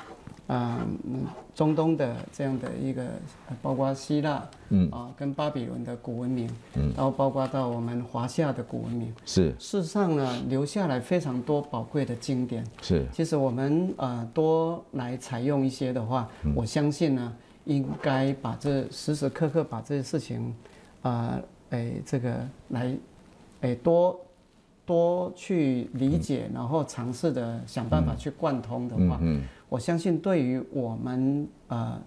呃、嗯，中東的這樣的一個，包括希臘，嗯、啊，跟巴比倫的古文明，嗯、然後包括到我們華夏的古文明，是。事實上呢，留下來非常多寶貴的經典，是。其實我們呃多來採用一些的話，嗯、我相信呢，應該把這時時刻刻把這些事情，啊、呃，哎這個來，哎多。多去理解，嗯、然後嘗試著想辦法去貫通的話，嗯嗯、我相信對於我們呃，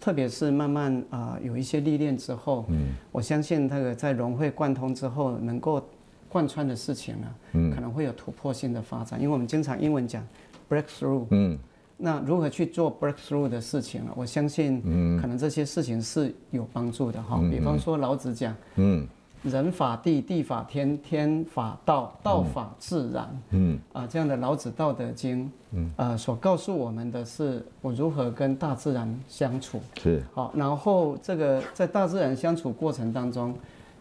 特別是慢慢呃有一些歷練之後，嗯、我相信那個在融會貫通之後，能夠貫穿的事情呢、啊，可能會有突破性的發展。嗯、因為我們經常英文講 breakthrough、嗯、那如何去做 breakthrough 的事情呢、啊？我相信可能這些事情是有幫助的哈、哦。嗯嗯、比方說老子講。嗯嗯人法地，地法天，天法道，道法自然。嗯，嗯啊，這樣的老子《道德經》啊、嗯呃、所告訴我們的，是我如何跟大自然相處。是好、哦，然後這個在大自然相處過程當中，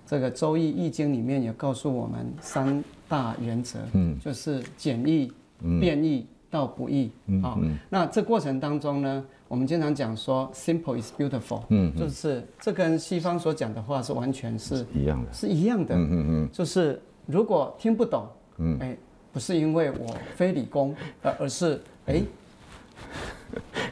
這個《周易》《易經》裡面也告訴我們三大原則，嗯，就是簡易、變、嗯、易、到不易。嗯，好、嗯哦，那這過程當中呢？我們經常講說，simple is beautiful，嗯哼，就是這跟西方所講的話是完全是，一樣的，是一樣的，樣的嗯嗯嗯，就是如果聽不懂，嗯誒，不是因為我非理工，呃，而是哎。嗯誒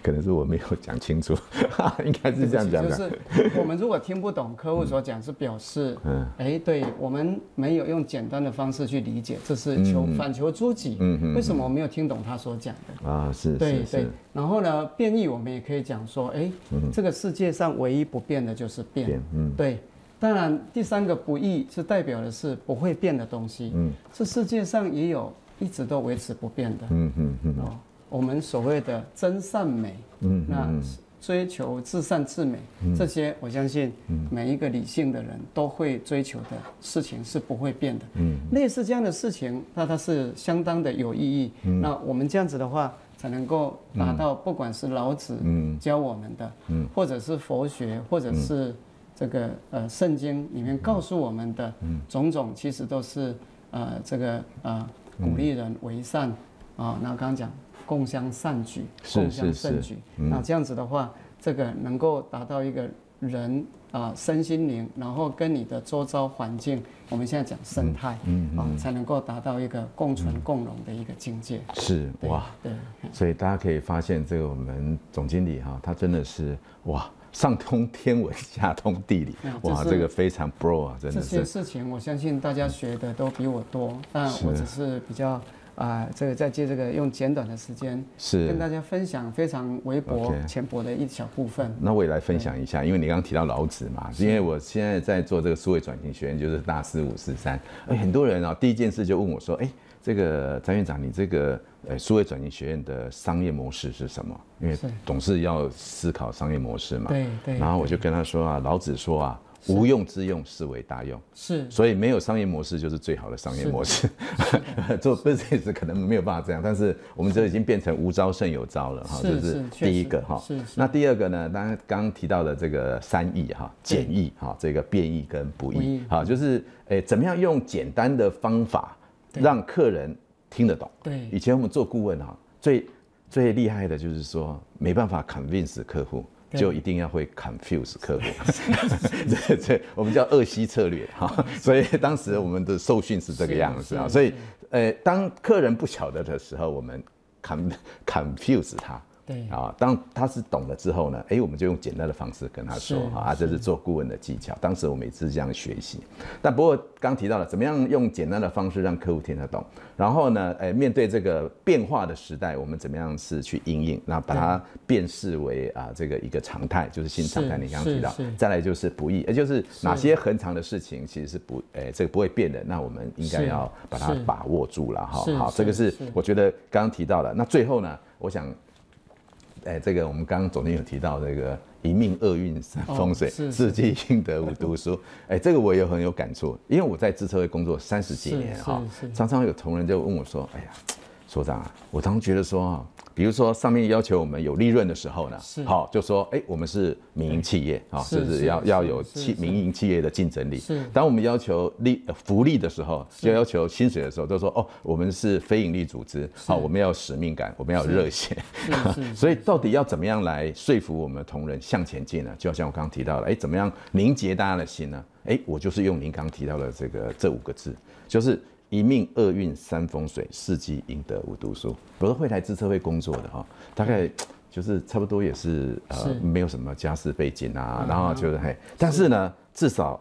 可能是我沒有講清楚，哈哈應該是這樣講的。就是我們如果聽不懂客戶所講，是表示嗯，哎、欸，對我們沒有用簡單的方式去理解，這是求反求諸己。嗯，嗯，嗯，嗯，為什麼我沒有聽懂他所講的啊？是。對對。然後呢，變易，我們也可以講說，哎、欸，嗯、這個世界上唯一不變的就是變。變嗯。對。當然，第三個不易是代表的是不會變的東西。嗯。這世界上也有一直都維持不變的。嗯嗯嗯。嗯嗯哦我們所謂的真善美，嗯，那追求至善至美，這些我相信每一個理性的人都會追求的事情是不會變的。嗯，類似這樣的事情，那它，它是相當的有意義。那我們這樣子的話，才能夠達到不管是老子教我們的，嗯，或者是佛學，或者是這個呃聖經裡面告訴我們的種種，其實都是呃這個呃鼓勵人為善啊。那、哦、剛剛講。共襄善舉，共襄善舉。那這樣子的話，這個能夠達到一個人啊、呃、身心靈，然後跟你的周遭環境，我們現在講生態、嗯，嗯啊、嗯呃，才能夠達到一個共存共榮的一個境界。是對哇，對，所以大家可以發現，這個我們總經理哈，他真的是哇，上通天文，下通地理，哇，這，是這個非常 bro 啊，真的是。這些事情，我相信大家學的都比我多，嗯、但我只是比較。啊、呃，這個再借這個用簡短的時間，是跟大家分享非常微薄淺薄的一小部分。Okay. 那我也來分享一下，對因為你剛剛提到老子嘛，是因為我現在在做這個數位轉型學院，就是大師五四三。很多人啊、哦，第一件事就問我說：“哎，這個詹院長，你這個數位轉型學院的商業模式是什麼？”因為總是要思考商業模式嘛。對對。對，然後我就跟他說啊：“對老子說啊。”是無用之用，視為大用。是，所以沒有商業模式就是最好的商業模式。 做 business 可能沒有辦法這樣，但是我們這已經變成無招勝有招了哈。是的就是，第一個哈。是。那第二個呢？當然剛剛提到的這個三易哈，簡易哈，對這個變易跟不易哈，對就是誒、欸，怎麼樣用簡單的方法讓客人聽得懂？對。對以前我們做顧問哈，最最厲害的就是說沒辦法 convince 客戶。對就一定要會 confuse 客人，對對， 我們叫惡習策略哈、啊，所以當時我們的受訓是這個樣子啊，所以呃，當客人不曉得的時候，我們 com, confuse 他。對啊，當他是懂了之後呢，哎、欸，我們就用簡單的方式跟他說哈，啊，是這是做顧問的技巧。當時我們也是這樣學習，但不過剛提到了怎麼樣用簡單的方式讓客戶聽得懂，然後呢，哎、欸，面對這個變化的時代，我們怎麼樣是去因應，那把它辨識為對啊這個一個常態，就是新常態。是你剛剛提到，再來就是不易，也、欸、就是哪些恆常的事情其實是不，哎、欸，這個不會變的，那我們應該要把它把握住了哈。好，這個是我覺得剛剛提到了，那最後呢，我想。哎，這個我們剛剛總經理有提到這個一命二運三風水，四積陰德五讀書。哎，這個我也很有感觸，因為我在資策會工作三十幾年哈，常常有同仁就問我說：“哎呀，所長啊，我當時覺得說啊。”比如說，上面要求我們有利潤的時候呢，好是、哦，就說，哎、欸，我們是民營企業啊，就是要是要有企是民營企業的競爭力。是當我們要求利福利的時候，就要求薪水的時候，都說哦，我們是非營利組織，好是、哦，我們要有使命感，我們要有熱血。所以，到底要怎麼樣來說服我們同仁向前進呢？就像我剛剛提到了，哎、欸，怎麼樣凝結大家的心呢？哎、欸，我就是用您剛剛提到的這個這五個字，就是。一命二運三風水，四積陰德五讀書。我說會來自車會工作的哈，大概就是差不多也是呃，是沒有什麼家世背景啊，嗯、啊然後就是嘿，是但是呢，至少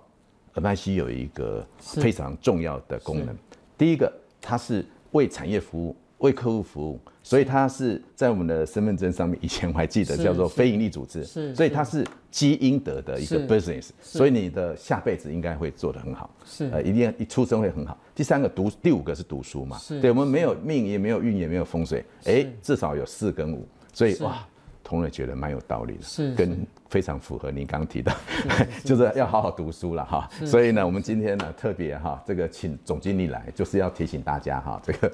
MIC 有一個非常重要的功能，第一個，它是為產業服務。為客戶服務，所以他是在我們的身份證上面。以前我還記得叫做非營利組織，是，所以它是積陰德的一個 business，所以你的下輩子應該會做得很好，是，呃，一定一出生會很好。第三個讀，第五個是讀書嘛，對，我們沒有命，也沒有運，也沒有風水，哎，至少有四跟五，所以哇，同仁覺得蠻有道理的，是跟非常符合您剛提到，就是要好好讀書了哈。所以呢，我們今天呢特別哈，這個請總經理來，就是要提醒大家哈，這個。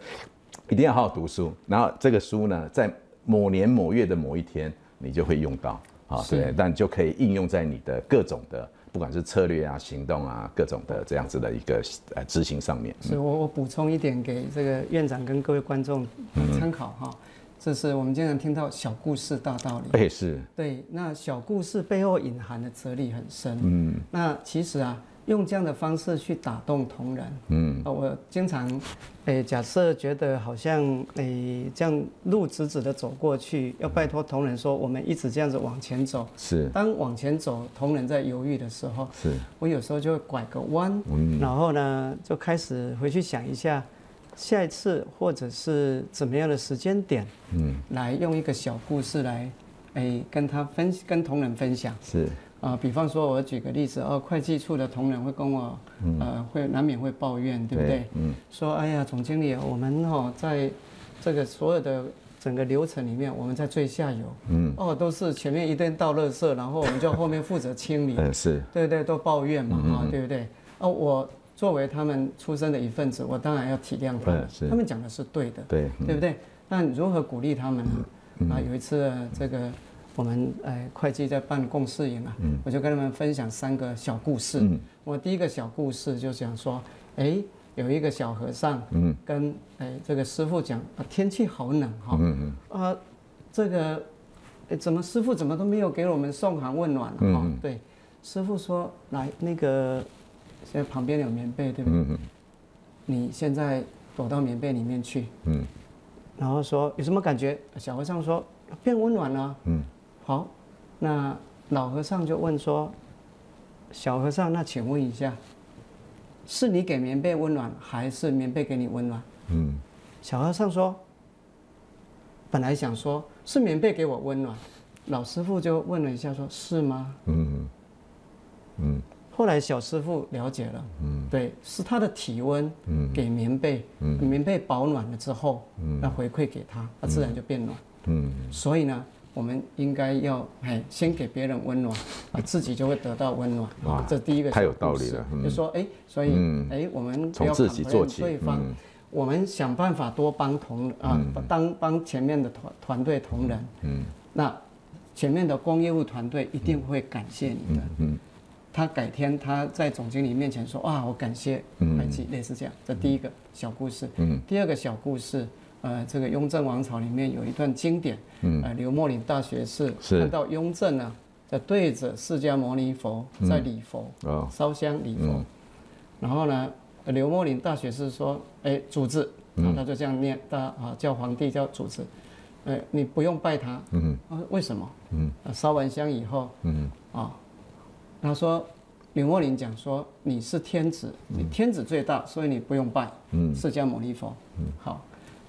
一定要好好讀書，然後這個書呢，在某年某月的某一天，你就會用到啊。是對，但就可以應用在你的各種的，不管是策略啊、行動啊，各種的這樣子的一個呃執行上面。所以我我補充一點給這個院長跟各位觀眾參考哈，嗯、這是我們經常聽到小故事大道理，對、欸，是，對，那小故事背後隱含的哲理很深，嗯，那其實啊。用這樣的方式去打動同仁，嗯，啊，我經常，誒、欸，假設覺得好像誒、欸，這樣路直直的走過去，要拜托同仁說，我們一直這樣子往前走，是，當往前走同仁在猶豫的時候，是，我有時候就會拐個彎，嗯，然後呢就開始回去想一下，下一次或者是怎麼樣的時間點，嗯，來用一個小故事來，誒、欸、跟他分跟同仁分享，是。啊、呃，比方說，我舉個例子，哦，會計處的同仁會跟我，嗯、呃，會難免會抱怨，對不對？對。嗯，說，哎呀，總經理，我們哦，在這個所有的整個流程裡面，我們在最下游，嗯，哦，都是前面一旦倒垃圾，然後我們就後面負責清理，嗯，是，對不對，都抱怨嘛，嗯、啊，對不對？哦，我作為他們出身的一份子，我當然要體諒他們，嗯、他們講的是對的，對，嗯、對不對？那如何鼓勵他們呢？嗯嗯、啊，有一次這個。我們哎，會計在辦公室裡我就跟他們分享三個小故事。我第一個小故事就想說，哎，有一個小和尚，跟哎這個師傅講，天氣好冷哈、啊啊，這個怎麼師傅怎麼都沒有給我們送寒問暖、啊、對，師傅說來那個現在旁邊有棉被對吧？你現在躲到棉被裡面去，然後說有什麼感覺？小和尚說變溫暖了、啊。好，那老和尚就問說：“小和尚，那請問一下，是你給棉被溫暖，還是棉被給你溫暖？”嗯，小和尚說：“本來想說是棉被給我溫暖。”老師傅就問了一下說，說是嗎？嗯嗯。嗯後來小師傅了解了，嗯、對，是他的體溫，給棉被，嗯、棉被保暖了之後，那、嗯、回饋給他，那自然就變暖，嗯，嗯所以呢。我們應該要哎，先給別人溫暖，自己就會得到溫暖。哇，這第一個太有道理了。就是說哎，所以哎，我們從自己做起。我們想辦法多幫同啊，幫幫前面的團團隊同仁。嗯。那前面的工業務團隊一定會感謝你的。嗯。他改天他在總經理面前說啊，我感謝會計，類似這樣。這第一個小故事。嗯。第二個小故事。呃，這個《雍正王朝》裡面有一段經典。嗯。劉墨林大學士看到雍正呢，在對着釋迦牟尼佛在禮佛，燒、嗯、香禮佛。嗯、然後呢，劉墨林大學士說：“哎、欸，主子、嗯啊，他就這樣念，他啊叫皇帝叫主子，哎、呃，你不用拜他。嗯啊，為什麼？嗯。燒、嗯、完香以後，嗯啊，他說劉墨林講說，你是天子，你天子最大，所以你不用拜釋、嗯、迦牟尼佛。嗯。好。”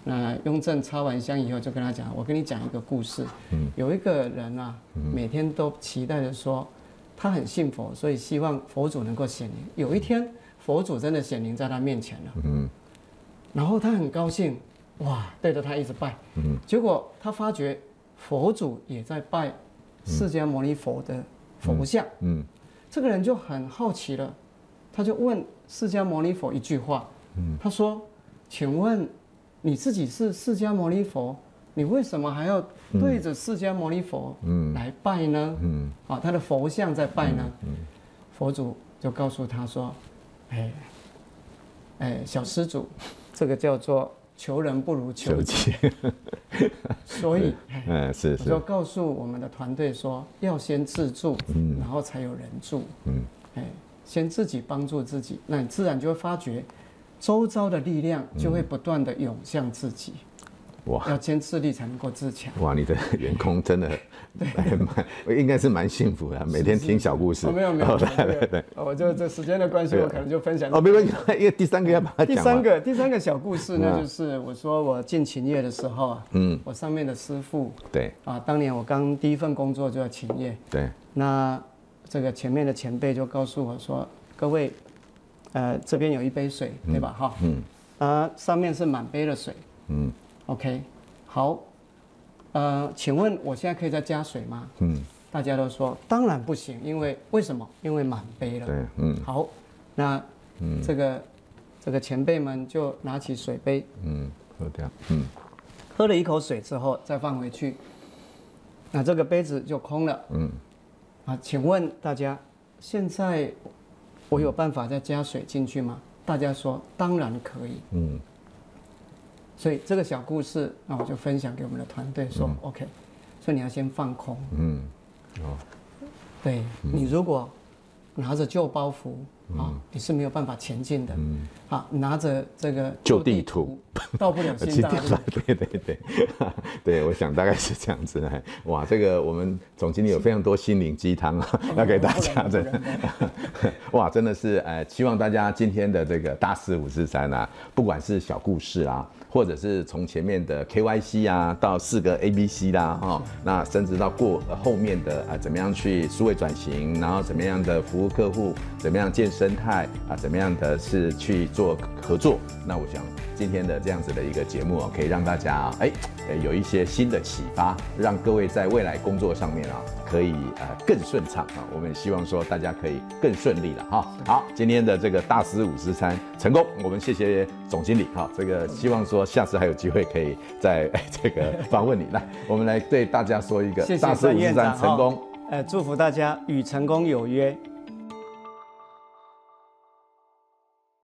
那雍正插完香以後，就跟他講：“我跟你講一個故事。有一個人啊，每天都期待着說，他很信佛，所以希望佛祖能夠顯靈。有一天，佛祖真的顯靈在他面前了。然後他很高興，哇，對着他一直拜。結果他發覺佛祖也在拜，釋迦牟尼佛的佛像。這個人就很好奇了，他就問釋迦牟尼佛一句話。他說：“請問。”你自己是釋迦牟尼佛，你為什麼還要對着釋迦牟尼佛來拜呢？啊，他的佛像在拜呢。佛祖就告訴他說：“哎、欸，哎、欸，小施主，這個叫做求人不如求己。求己 所以，哎、欸，是是，就告訴我們的團隊說，要先自助，然後才有人助。嗯，哎，先自己幫助自己，那你自然就會發覺。”周遭的力量就會不斷的湧向自己。哇！要先自立才能夠自強。哇！你的員工真的對，應該是蠻幸福的，每天聽小故事。沒有沒有，對對對。我就這時間的關係，我可能就分享。哦，沒問題，因為第三個要把它講。第三個，第三個小故事呢，就是我說我進勤業的時候啊，嗯，我上面的師傅對啊，當年我剛第一份工作就在勤業。對，那這個前面的前輩就告訴我說，各位。呃，這邊有一杯水，對吧？哈、嗯，嗯，啊、呃，上面是滿杯的水，嗯，OK，好，呃，請問我現在可以再加水嗎？嗯，大家都說當然不行，因為為什麼？因為滿杯了。對，嗯，好，那這個、嗯、這個前輩們就拿起水杯，嗯，喝掉，嗯，喝了一口水之後再放回去，那這個杯子就空了，嗯，啊，請問大家現在。我有辦法再加水進去嗎？大家說當然可以。嗯，所以這個小故事，那我就分享給我們的團隊說、嗯、，OK，所以你要先放空。嗯，哦，對、嗯、你如果拿着舊包袱。啊、哦，你是沒有辦法前進的。嗯，好、啊，拿着這個舊地圖，地到不了現在。 是是對對對，對，對我想大概是這樣子。哇，這個我們總經理有非常多心靈雞湯啊， 要給大家的。 不人不人哇，真的是哎、呃，希望大家今天的這個大師五十談啊，不管是小故事啊，或者是從前面的 KYC 啊，到四個 ABC 啦、啊，的哦，那甚至到過、呃、後面的啊、呃，怎麼樣去數位轉型，然後怎麼樣的服務客戶，怎麼樣建設。生態啊，怎麼樣的是去做合作？那我想今天的這樣子的一個節目啊，可以讓大家哎、啊欸欸，有一些新的啟發，讓各位在未來工作上面啊，可以啊，更順暢啊。我們希望說大家可以更順利了哈、哦。好，今天的這個大師五十三成功，我們謝謝總經理哈、哦。這個希望說下次還有機會可以再、欸、這個訪問你。來， 我們來對大家說一個大師五十三成功謝謝、哦呃。祝福大家與成功有約。